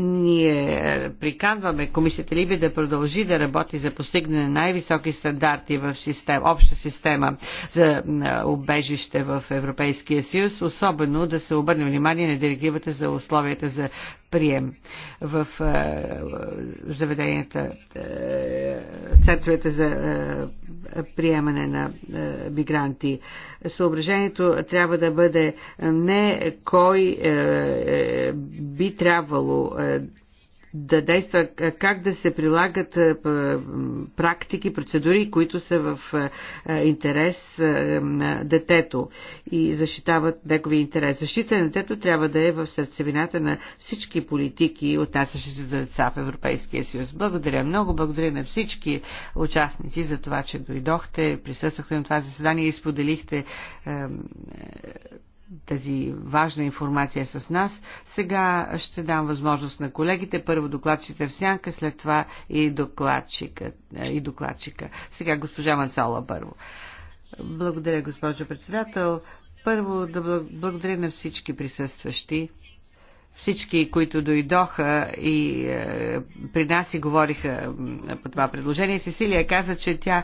Ние приканваме комисията Либи да продължи да работи за постигане на най-високи стандарти в систем, обща система за обежище в Европейския съюз, особено да се обърне внимание на директивата за условията за прием в заведенията, е, центровете за е, приемане на е, мигранти. Съображението трябва да бъде не кой би трябвало да действа, как да се прилагат практики, процедури, които са в интерес на детето и защитават негови интерес. Защита на детето трябва да е в сърцевината на всички политики, отнасящи се за деца в Европейския съюз. Благодаря много, благодаря на всички участници за това, че дойдохте, присъствахте на това заседание и споделихте тази важна информация с нас. Сега ще дам възможност на колегите. Първо докладчите в сянка, след това и докладчика. Е, и докладчика. Сега госпожа Мацола първо. Благодаря, госпожо председател. Първо да благодаря на всички присъстващи всички, които дойдоха и е, при нас и говориха е, по това предложение. Сесилия каза, че тя е,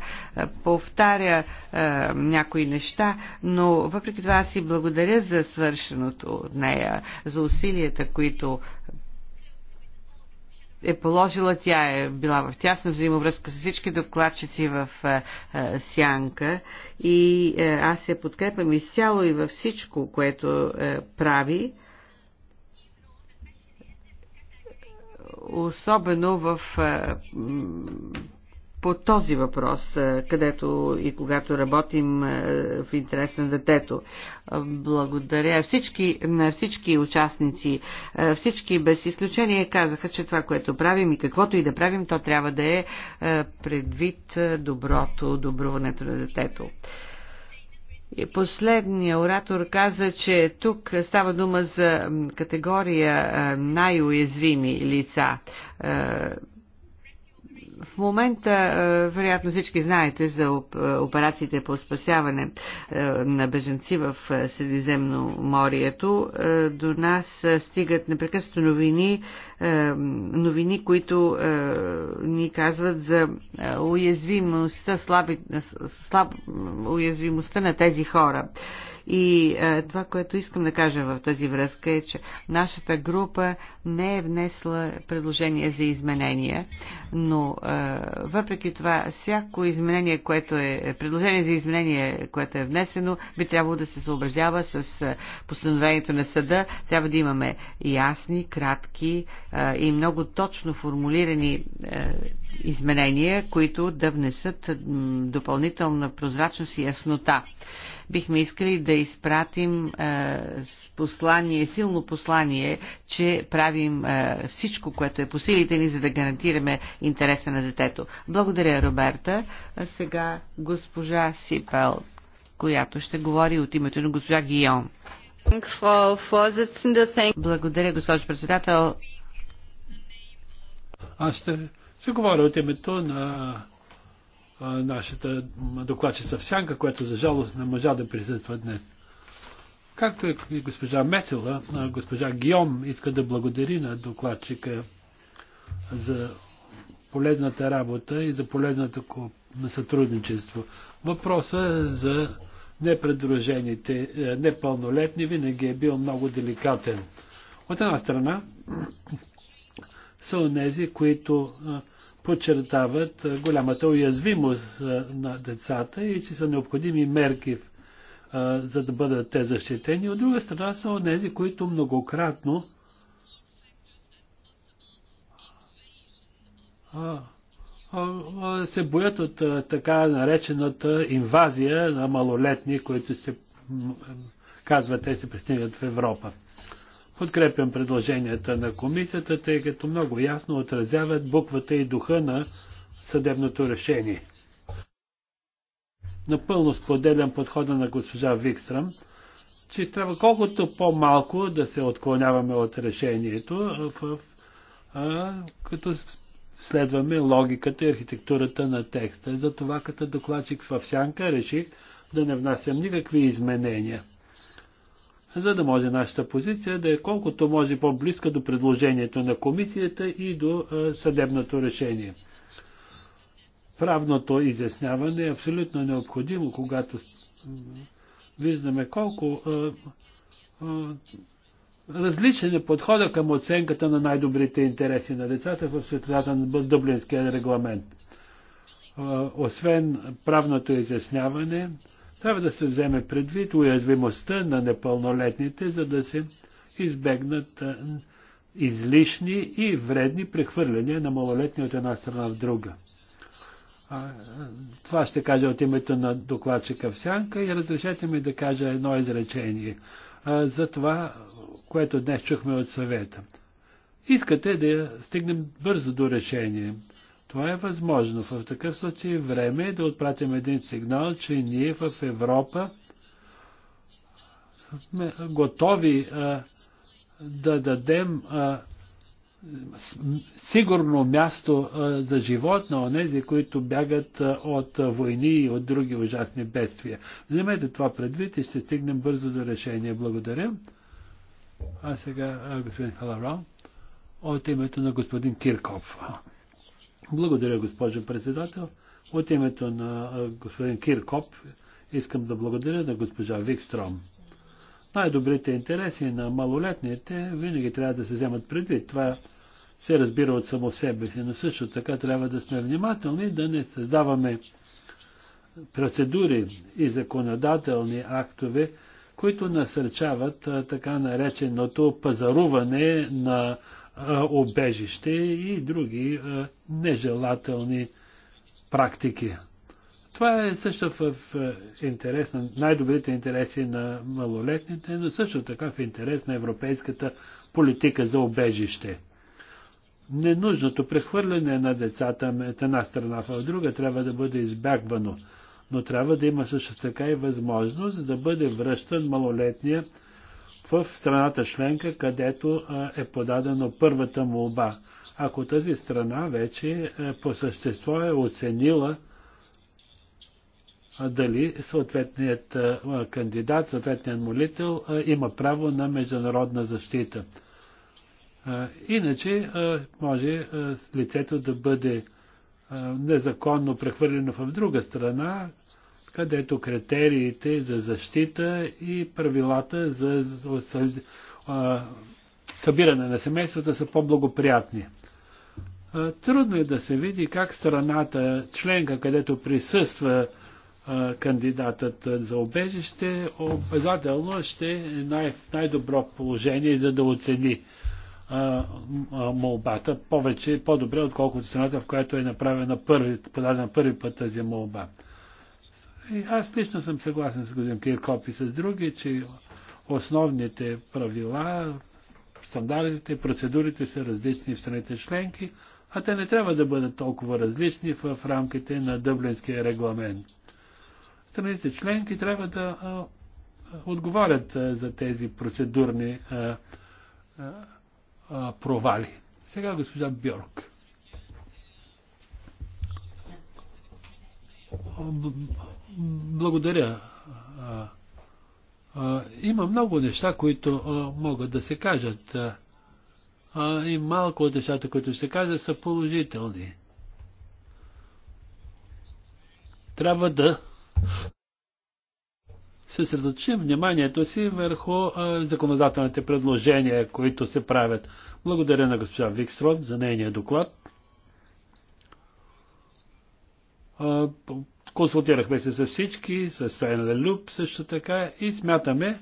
повтаря е, някои неща, но въпреки това аз и благодаря за свършеното от нея, за усилията, които е положила, тя е била в тясна взаимовръзка с всички докладчици в е, е, Сянка и е, аз я подкрепям изцяло и във всичко, което е, прави особено в е, по този въпрос, е, където и когато работим е, в интерес на детето. Благодаря всички, на всички участници. Всички без изключение казаха, че това, което правим и каквото и да правим, то трябва да е предвид доброто, добруването на детето. Последният оратор каза, че тук става дума за категория най-уязвими лица в момента, е, вероятно всички знаете за е, операциите по спасяване е, на беженци в Средиземноморието. До нас стигат непрекъснато новини, новини, които ни казват за уязвимостта, слаби, слаб, уязвимостта на тези хора. И е, това, което искам да кажа в тази връзка е, че нашата група не е внесла предложение за изменения, но е, въпреки това всяко изменение, което е предложение за изменение, което е внесено, би трябвало да се съобразява с е, постановлението на съда. Трябва да имаме ясни, кратки и много точно формулирани изменения, които да внесат допълнителна прозрачност и яснота бихме искали да изпратим е, послание, силно послание, че правим е, всичко, което е по силите ни, за да гарантираме интереса на детето. Благодаря, Роберта. А сега госпожа Сипел, която ще говори от името на госпожа Гион. Благодаря, госпожо председател. Аз ще, ще говоря от името на нашата докладчица в Сянка, която за жалост не можа да присъства днес. Както и госпожа Месела, госпожа Гиом иска да благодари на докладчика за полезната работа и за полезното сътрудничество. Въпроса за непредружените, е, непълнолетни винаги е бил много деликатен. От една страна са онези, които подчертават голямата уязвимост на децата и че са необходими мерки, за да бъдат те защитени. От друга страна са онези, които многократно се боят от така наречената инвазия на малолетни, които се казват, те се пристигат в Европа. Подкрепям предложенията на комисията, тъй като много ясно отразяват буквата и духа на съдебното решение. Напълно споделям подхода на госпожа Викстрам, че трябва колкото по-малко да се отклоняваме от решението, в, а, като следваме логиката и архитектурата на текста. Затова като докладчик в Сянка реших да не внасям никакви изменения за да може нашата позиция да е колкото може по-близка до предложението на комисията и до съдебното решение. Правното изясняване е абсолютно необходимо, когато виждаме колко различен е подхода към оценката на най-добрите интереси на децата в светлината на Дъблинския регламент. Освен правното изясняване, трябва да се вземе предвид уязвимостта на непълнолетните, за да се избегнат излишни и вредни прехвърляния на малолетни от една страна в друга. А, това ще кажа от името на докладчика в Сянка и разрешете ми да кажа едно изречение а, за това, което днес чухме от съвета. Искате да стигнем бързо до решение. Това е възможно. В такъв случай време е да отпратим един сигнал, че ние в Европа сме готови а, да дадем а, сигурно място а, за живот на онези, които бягат а, от а, войни и от други ужасни бедствия. Вземете това предвид и ще стигнем бързо до решение. Благодаря. А сега господин Халарал от името на господин Кирков. Благодаря, госпожо председател. От името на господин Киркоп искам да благодаря на госпожа Викстром. Най-добрите интереси на малолетните винаги трябва да се вземат предвид. Това се разбира от само себе си, но също така трябва да сме внимателни, да не създаваме процедури и законодателни актове, които насърчават така нареченото пазаруване на обежище и други нежелателни практики. Това е също в интерес на най-добрите интереси на малолетните, но също така в интерес на европейската политика за обежище. Ненужното прехвърляне на децата от една страна в друга трябва да бъде избягвано, но трябва да има също така и възможност да бъде връщан малолетния в страната членка, където е подадено първата молба. Ако тази страна вече е, по същество е оценила дали съответният кандидат, съответният молител има право на международна защита. Иначе може лицето да бъде незаконно прехвърлено в друга страна, където критериите за защита и правилата за събиране на семействата са по-благоприятни. Трудно е да се види как страната, членка, където присъства кандидатът за обежище, обязателно ще е най- най-добро положение, за да оцени молбата повече, по-добре, отколкото страната, в която е направена първи, подадена първи път тази молба. И е, аз лично съм съгласен с господин Киркоп и с други, че основните правила, стандартите, процедурите са различни в страните членки, а те не трябва да бъдат толкова различни в рамките на Дъблинския регламент. Страните членки трябва да отговарят за тези процедурни провали. Сега госпожа Бьорк. Благодаря. Има много неща, които могат да се кажат. И малко от нещата, които се кажат, са положителни. Трябва да съсредоточим вниманието си върху законодателните предложения, които се правят. Благодаря на госпожа Викстрон за нейния доклад. Консултирахме се с всички, с Фейна Люб също така и смятаме,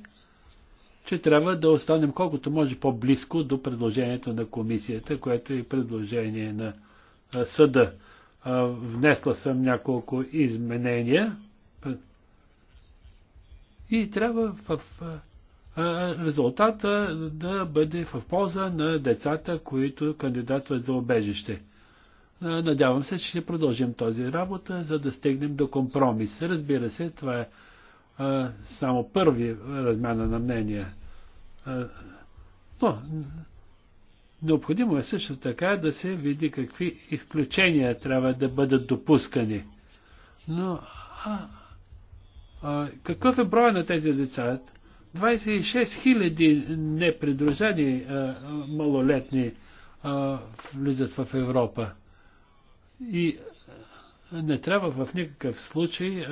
че трябва да останем колкото може по-близко до предложението на комисията, което е предложение на съда. Внесла съм няколко изменения и трябва в резултата да бъде в полза на децата, които кандидатват за обежище. Надявам се, че ще продължим този работа, за да стигнем до компромис. Разбира се, това е а, само първи размяна на мнения. А, но необходимо е също така да се види какви изключения трябва да бъдат допускани. Но а, а, какъв е броя на тези деца? 26 000 непридружени а, малолетни а, влизат в Европа. И е, не трябва в никакъв случай е,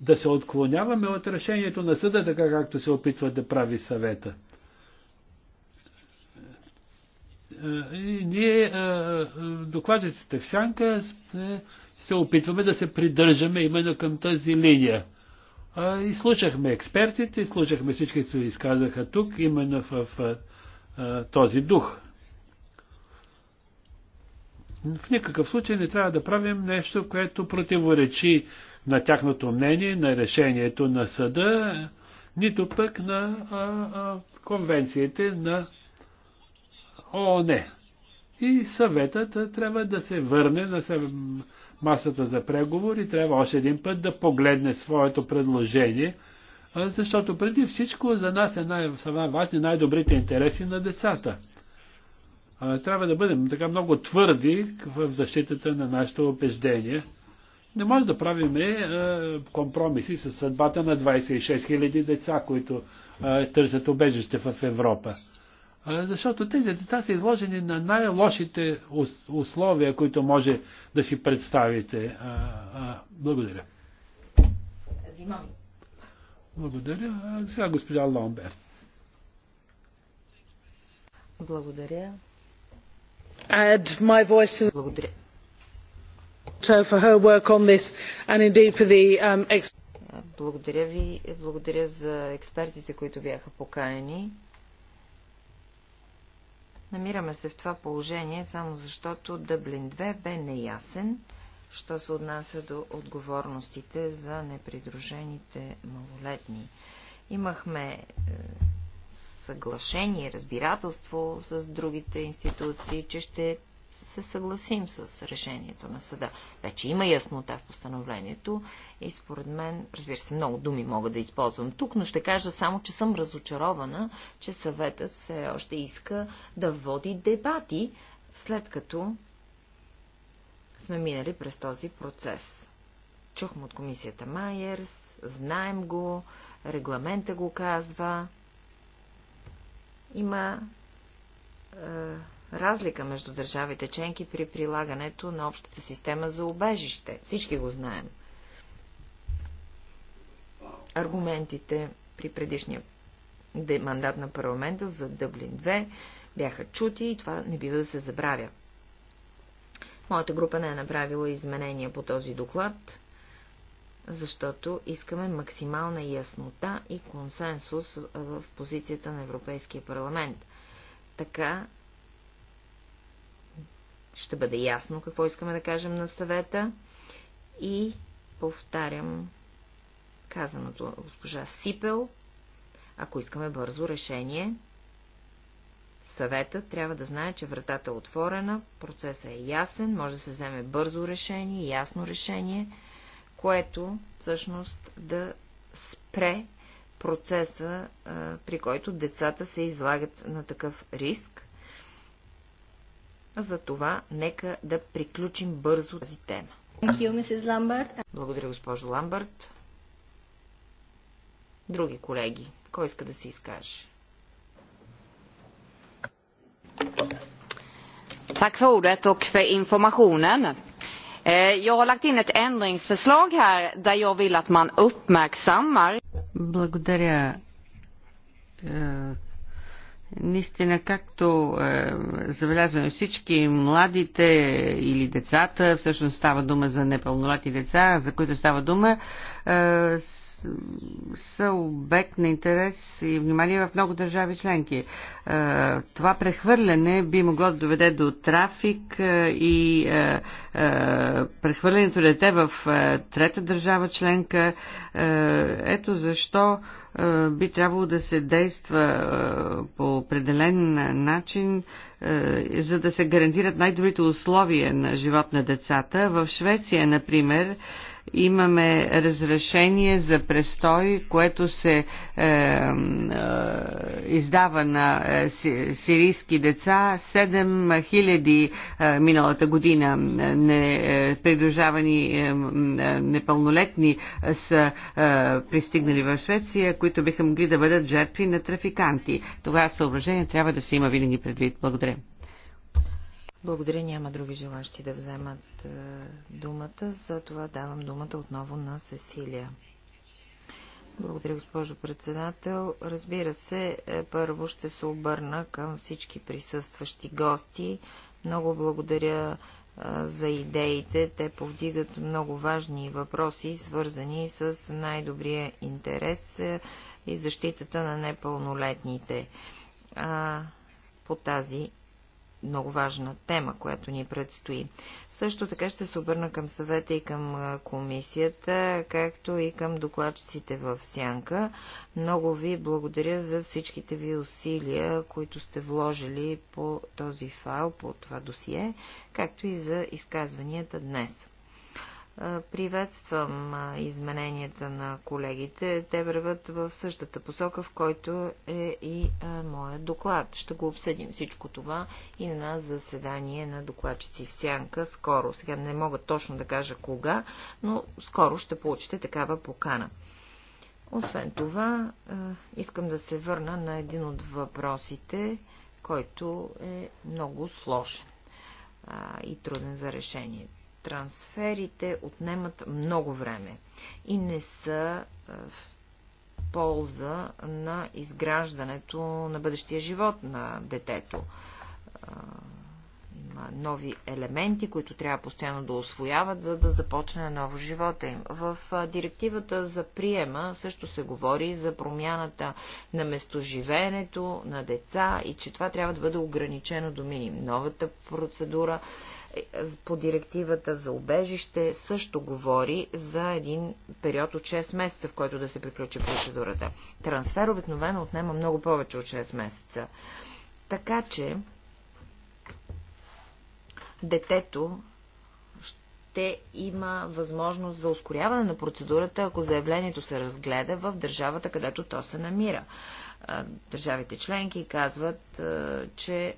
да се отклоняваме от решението на съда, така както се опитва да прави съвета. Е, и ние, докладчиците в Сянка, се опитваме да се придържаме именно към тази линия. И слушахме експертите, и слушахме всички, които изказаха тук, именно в този дух. В никакъв случай не трябва да правим нещо, което противоречи на тяхното мнение, на решението на съда, нито пък на а, а, конвенциите на ООН. И съветът трябва да се върне на масата за преговори, трябва още един път да погледне своето предложение, защото преди всичко за нас е най- най-важни най-добрите интереси на децата трябва да бъдем така много твърди в защитата на нашите убеждения. Не може да правим е, е, компромиси с съдбата на 26 000 деца, които е, търсят убежище в Европа. Защото тези деца са изложени на най-лошите условия, които може да си представите. Благодаря. Зимам. Благодаря. Сега госпожа Ломбер. Благодаря add my voice to the rapporteur for her work on this and indeed for the um, благодаря ви. Благодаря за експертите, които бяха поканени. Намираме се в това положение, само защото Дъблин 2 бе неясен, що се отнася до отговорностите за непридружените малолетни. Имахме е, съглашение, разбирателство с другите институции, че ще се съгласим с решението на съда. Вече има яснота в постановлението и според мен, разбира се, много думи мога да използвам тук, но ще кажа само, че съм разочарована, че съветът все още иска да води дебати, след като сме минали през този процес. Чухме от комисията Майерс, знаем го, регламента го казва, има е, разлика между държавите членки при прилагането на общата система за обежище. Всички го знаем. Аргументите при предишния мандат на парламента за Дъблин 2 бяха чути и това не бива да се забравя. Моята група не е направила изменения по този доклад защото искаме максимална яснота и консенсус в позицията на Европейския парламент. Така ще бъде ясно какво искаме да кажем на съвета и повтарям казаното госпожа Сипел, ако искаме бързо решение, съвета трябва да знае, че вратата е отворена, процесът е ясен, може да се вземе бързо решение, ясно решение, което всъщност да спре процеса, при който децата се излагат на такъв риск. Затова нека да приключим бързо тази тема. Благодаря, госпожо Ламбард. Други колеги, кой иска да се изкаже? Tack för ordet och för informationen. Eh, jag har lagt in ett ändringsförslag här där jag vill att man uppmärksammar. Благодаря. Е, наистина, както е, забелязваме всички, младите или децата, всъщност става дума за непълнолетни деца, за които става дума, е, са обект на интерес и внимание в много държави членки. Е, това прехвърляне би могло да доведе до трафик е, и е, прехвърлянето дете в трета държава членка. Ето защо би трябвало да се действа по определен начин, за да се гарантират най-добрите условия на живот на децата. В Швеция, например, имаме разрешение за престой, което се е, е, издава на е, сирийски деца. 7000 е, миналата година е, не, е, придружавани е, е непълнолетни са е, пристигнали в Швеция, които биха могли да бъдат жертви на трафиканти. Това съображение трябва да се има винаги предвид. Благодаря. Благодаря, няма други желащи да вземат е, думата, за това давам думата отново на Сесилия. Благодаря, госпожо председател. Разбира се, е, първо ще се обърна към всички присъстващи гости. Много благодаря е, за идеите. Те повдигат много важни въпроси, свързани с най-добрия интерес и защитата на непълнолетните. по тази много важна тема, която ни предстои. Също така ще се обърна към съвета и към комисията, както и към докладчиците в Сянка. Много ви благодаря за всичките ви усилия, които сте вложили по този файл, по това досие, както и за изказванията днес. Приветствам измененията на колегите. Те върват в същата посока, в който е и моя доклад. Ще го обсъдим всичко това и на заседание на докладчици в Сянка скоро. Сега не мога точно да кажа кога, но скоро ще получите такава покана. Освен това, искам да се върна на един от въпросите, който е много сложен и труден за решението трансферите отнемат много време и не са в полза на изграждането на бъдещия живот на детето. Има нови елементи, които трябва постоянно да освояват, за да започне ново живота им. В директивата за приема също се говори за промяната на местоживеенето на деца и че това трябва да бъде ограничено до минимум. Новата процедура по директивата за убежище също говори за един период от 6 месеца, в който да се приключи процедурата. Трансфер обикновено отнема много повече от 6 месеца. Така че детето ще има възможност за ускоряване на процедурата, ако заявлението се разгледа в държавата, където то се намира държавите членки казват, че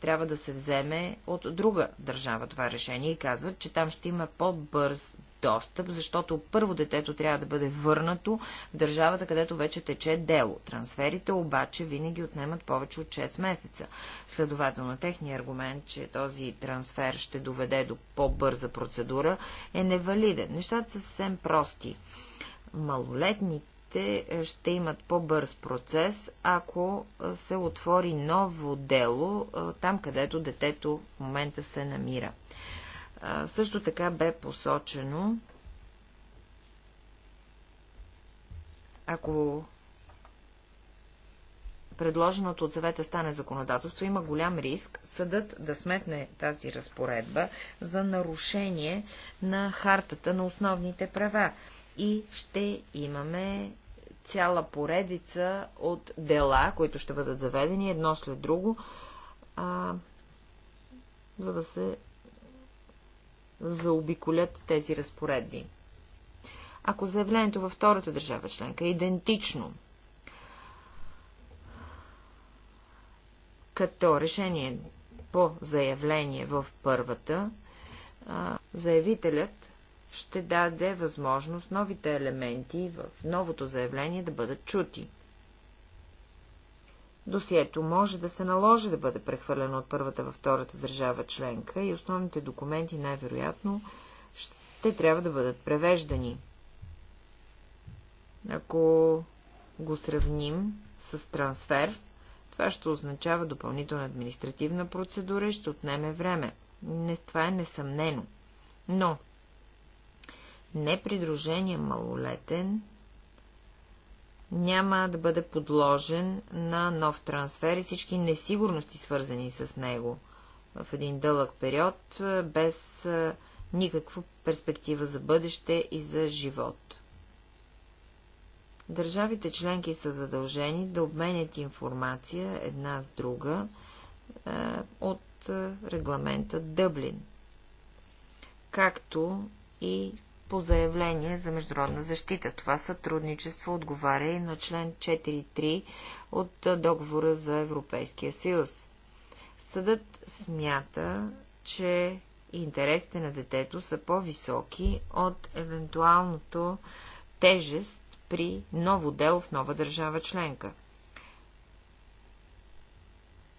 трябва да се вземе от друга държава това решение и казват, че там ще има по-бърз достъп, защото първо детето трябва да бъде върнато в държавата, където вече тече дело. Трансферите обаче винаги отнемат повече от 6 месеца. Следователно, техният аргумент, че този трансфер ще доведе до по-бърза процедура, е невалиден. Нещата са съвсем прости. Малолетните Гражданите е, ще имат по-бърз процес, ако е, се отвори ново дело е, там, където детето в момента се намира. Също така бе посочено, ако предложеното от съвета стане законодателство, има голям риск съдът да сметне тази разпоредба за нарушение на хартата на основните права и ще имаме цяла поредица от дела, които ще бъдат заведени едно след друго, а, за да се заобиколят тези разпоредби. Ако заявлението във втората държава членка е идентично, като решение по заявление в първата, заявителят ще даде възможност новите елементи в новото заявление да бъдат чути. Досието може да се наложи да бъде прехвърлено от първата във втората държава членка и основните документи най-вероятно ще трябва да бъдат превеждани. Ако го сравним с трансфер, това ще означава допълнителна административна процедура и ще отнеме време. Не, това е несъмнено. Но непридружения малолетен няма да бъде подложен на нов трансфер и всички несигурности, свързани с него в един дълъг период, без никаква перспектива за бъдеще и за живот. Държавите членки са задължени да обменят информация една с друга от регламента Дъблин, както и по заявление за международна защита. Това сътрудничество отговаря и на член 4.3 от договора за Европейския съюз. Съдът смята, че интересите на детето са по-високи от евентуалното тежест при ново дело в нова държава членка.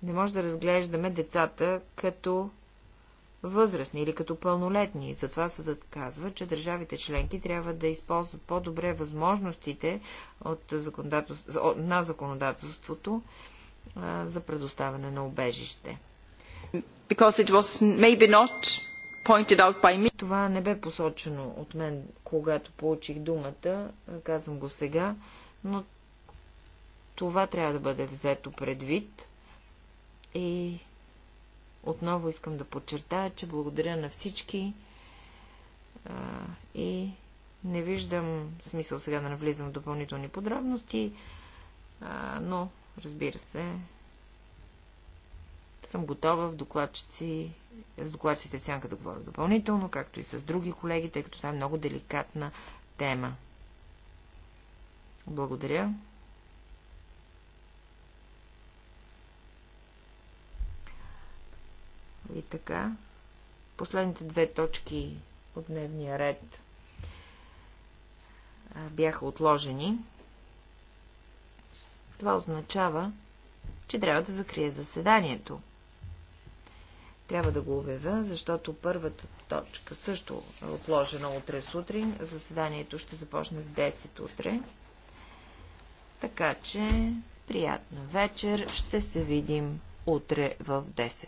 Не може да разглеждаме децата като възрастни или като пълнолетни. Затова съдът казва, че държавите членки трябва да използват по-добре възможностите от законодателство, на законодателството за предоставяне на убежище. Това не бе посочено от мен, когато получих думата, казвам го сега, но това трябва да бъде взето предвид и отново искам да подчертая, че благодаря на всички а, и не виждам смисъл сега да навлизам в допълнителни подробности, а, но, разбира се, съм готова в докладчици, с докладчиците в сянка да говоря допълнително, както и с други колеги, тъй като това е много деликатна тема. Благодаря. И така, последните две точки от дневния ред бяха отложени. Това означава, че трябва да закрия заседанието. Трябва да го обявя, защото първата точка също е отложена утре сутрин. Заседанието ще започне в 10 утре. Така че, приятна вечер. Ще се видим утре в 10.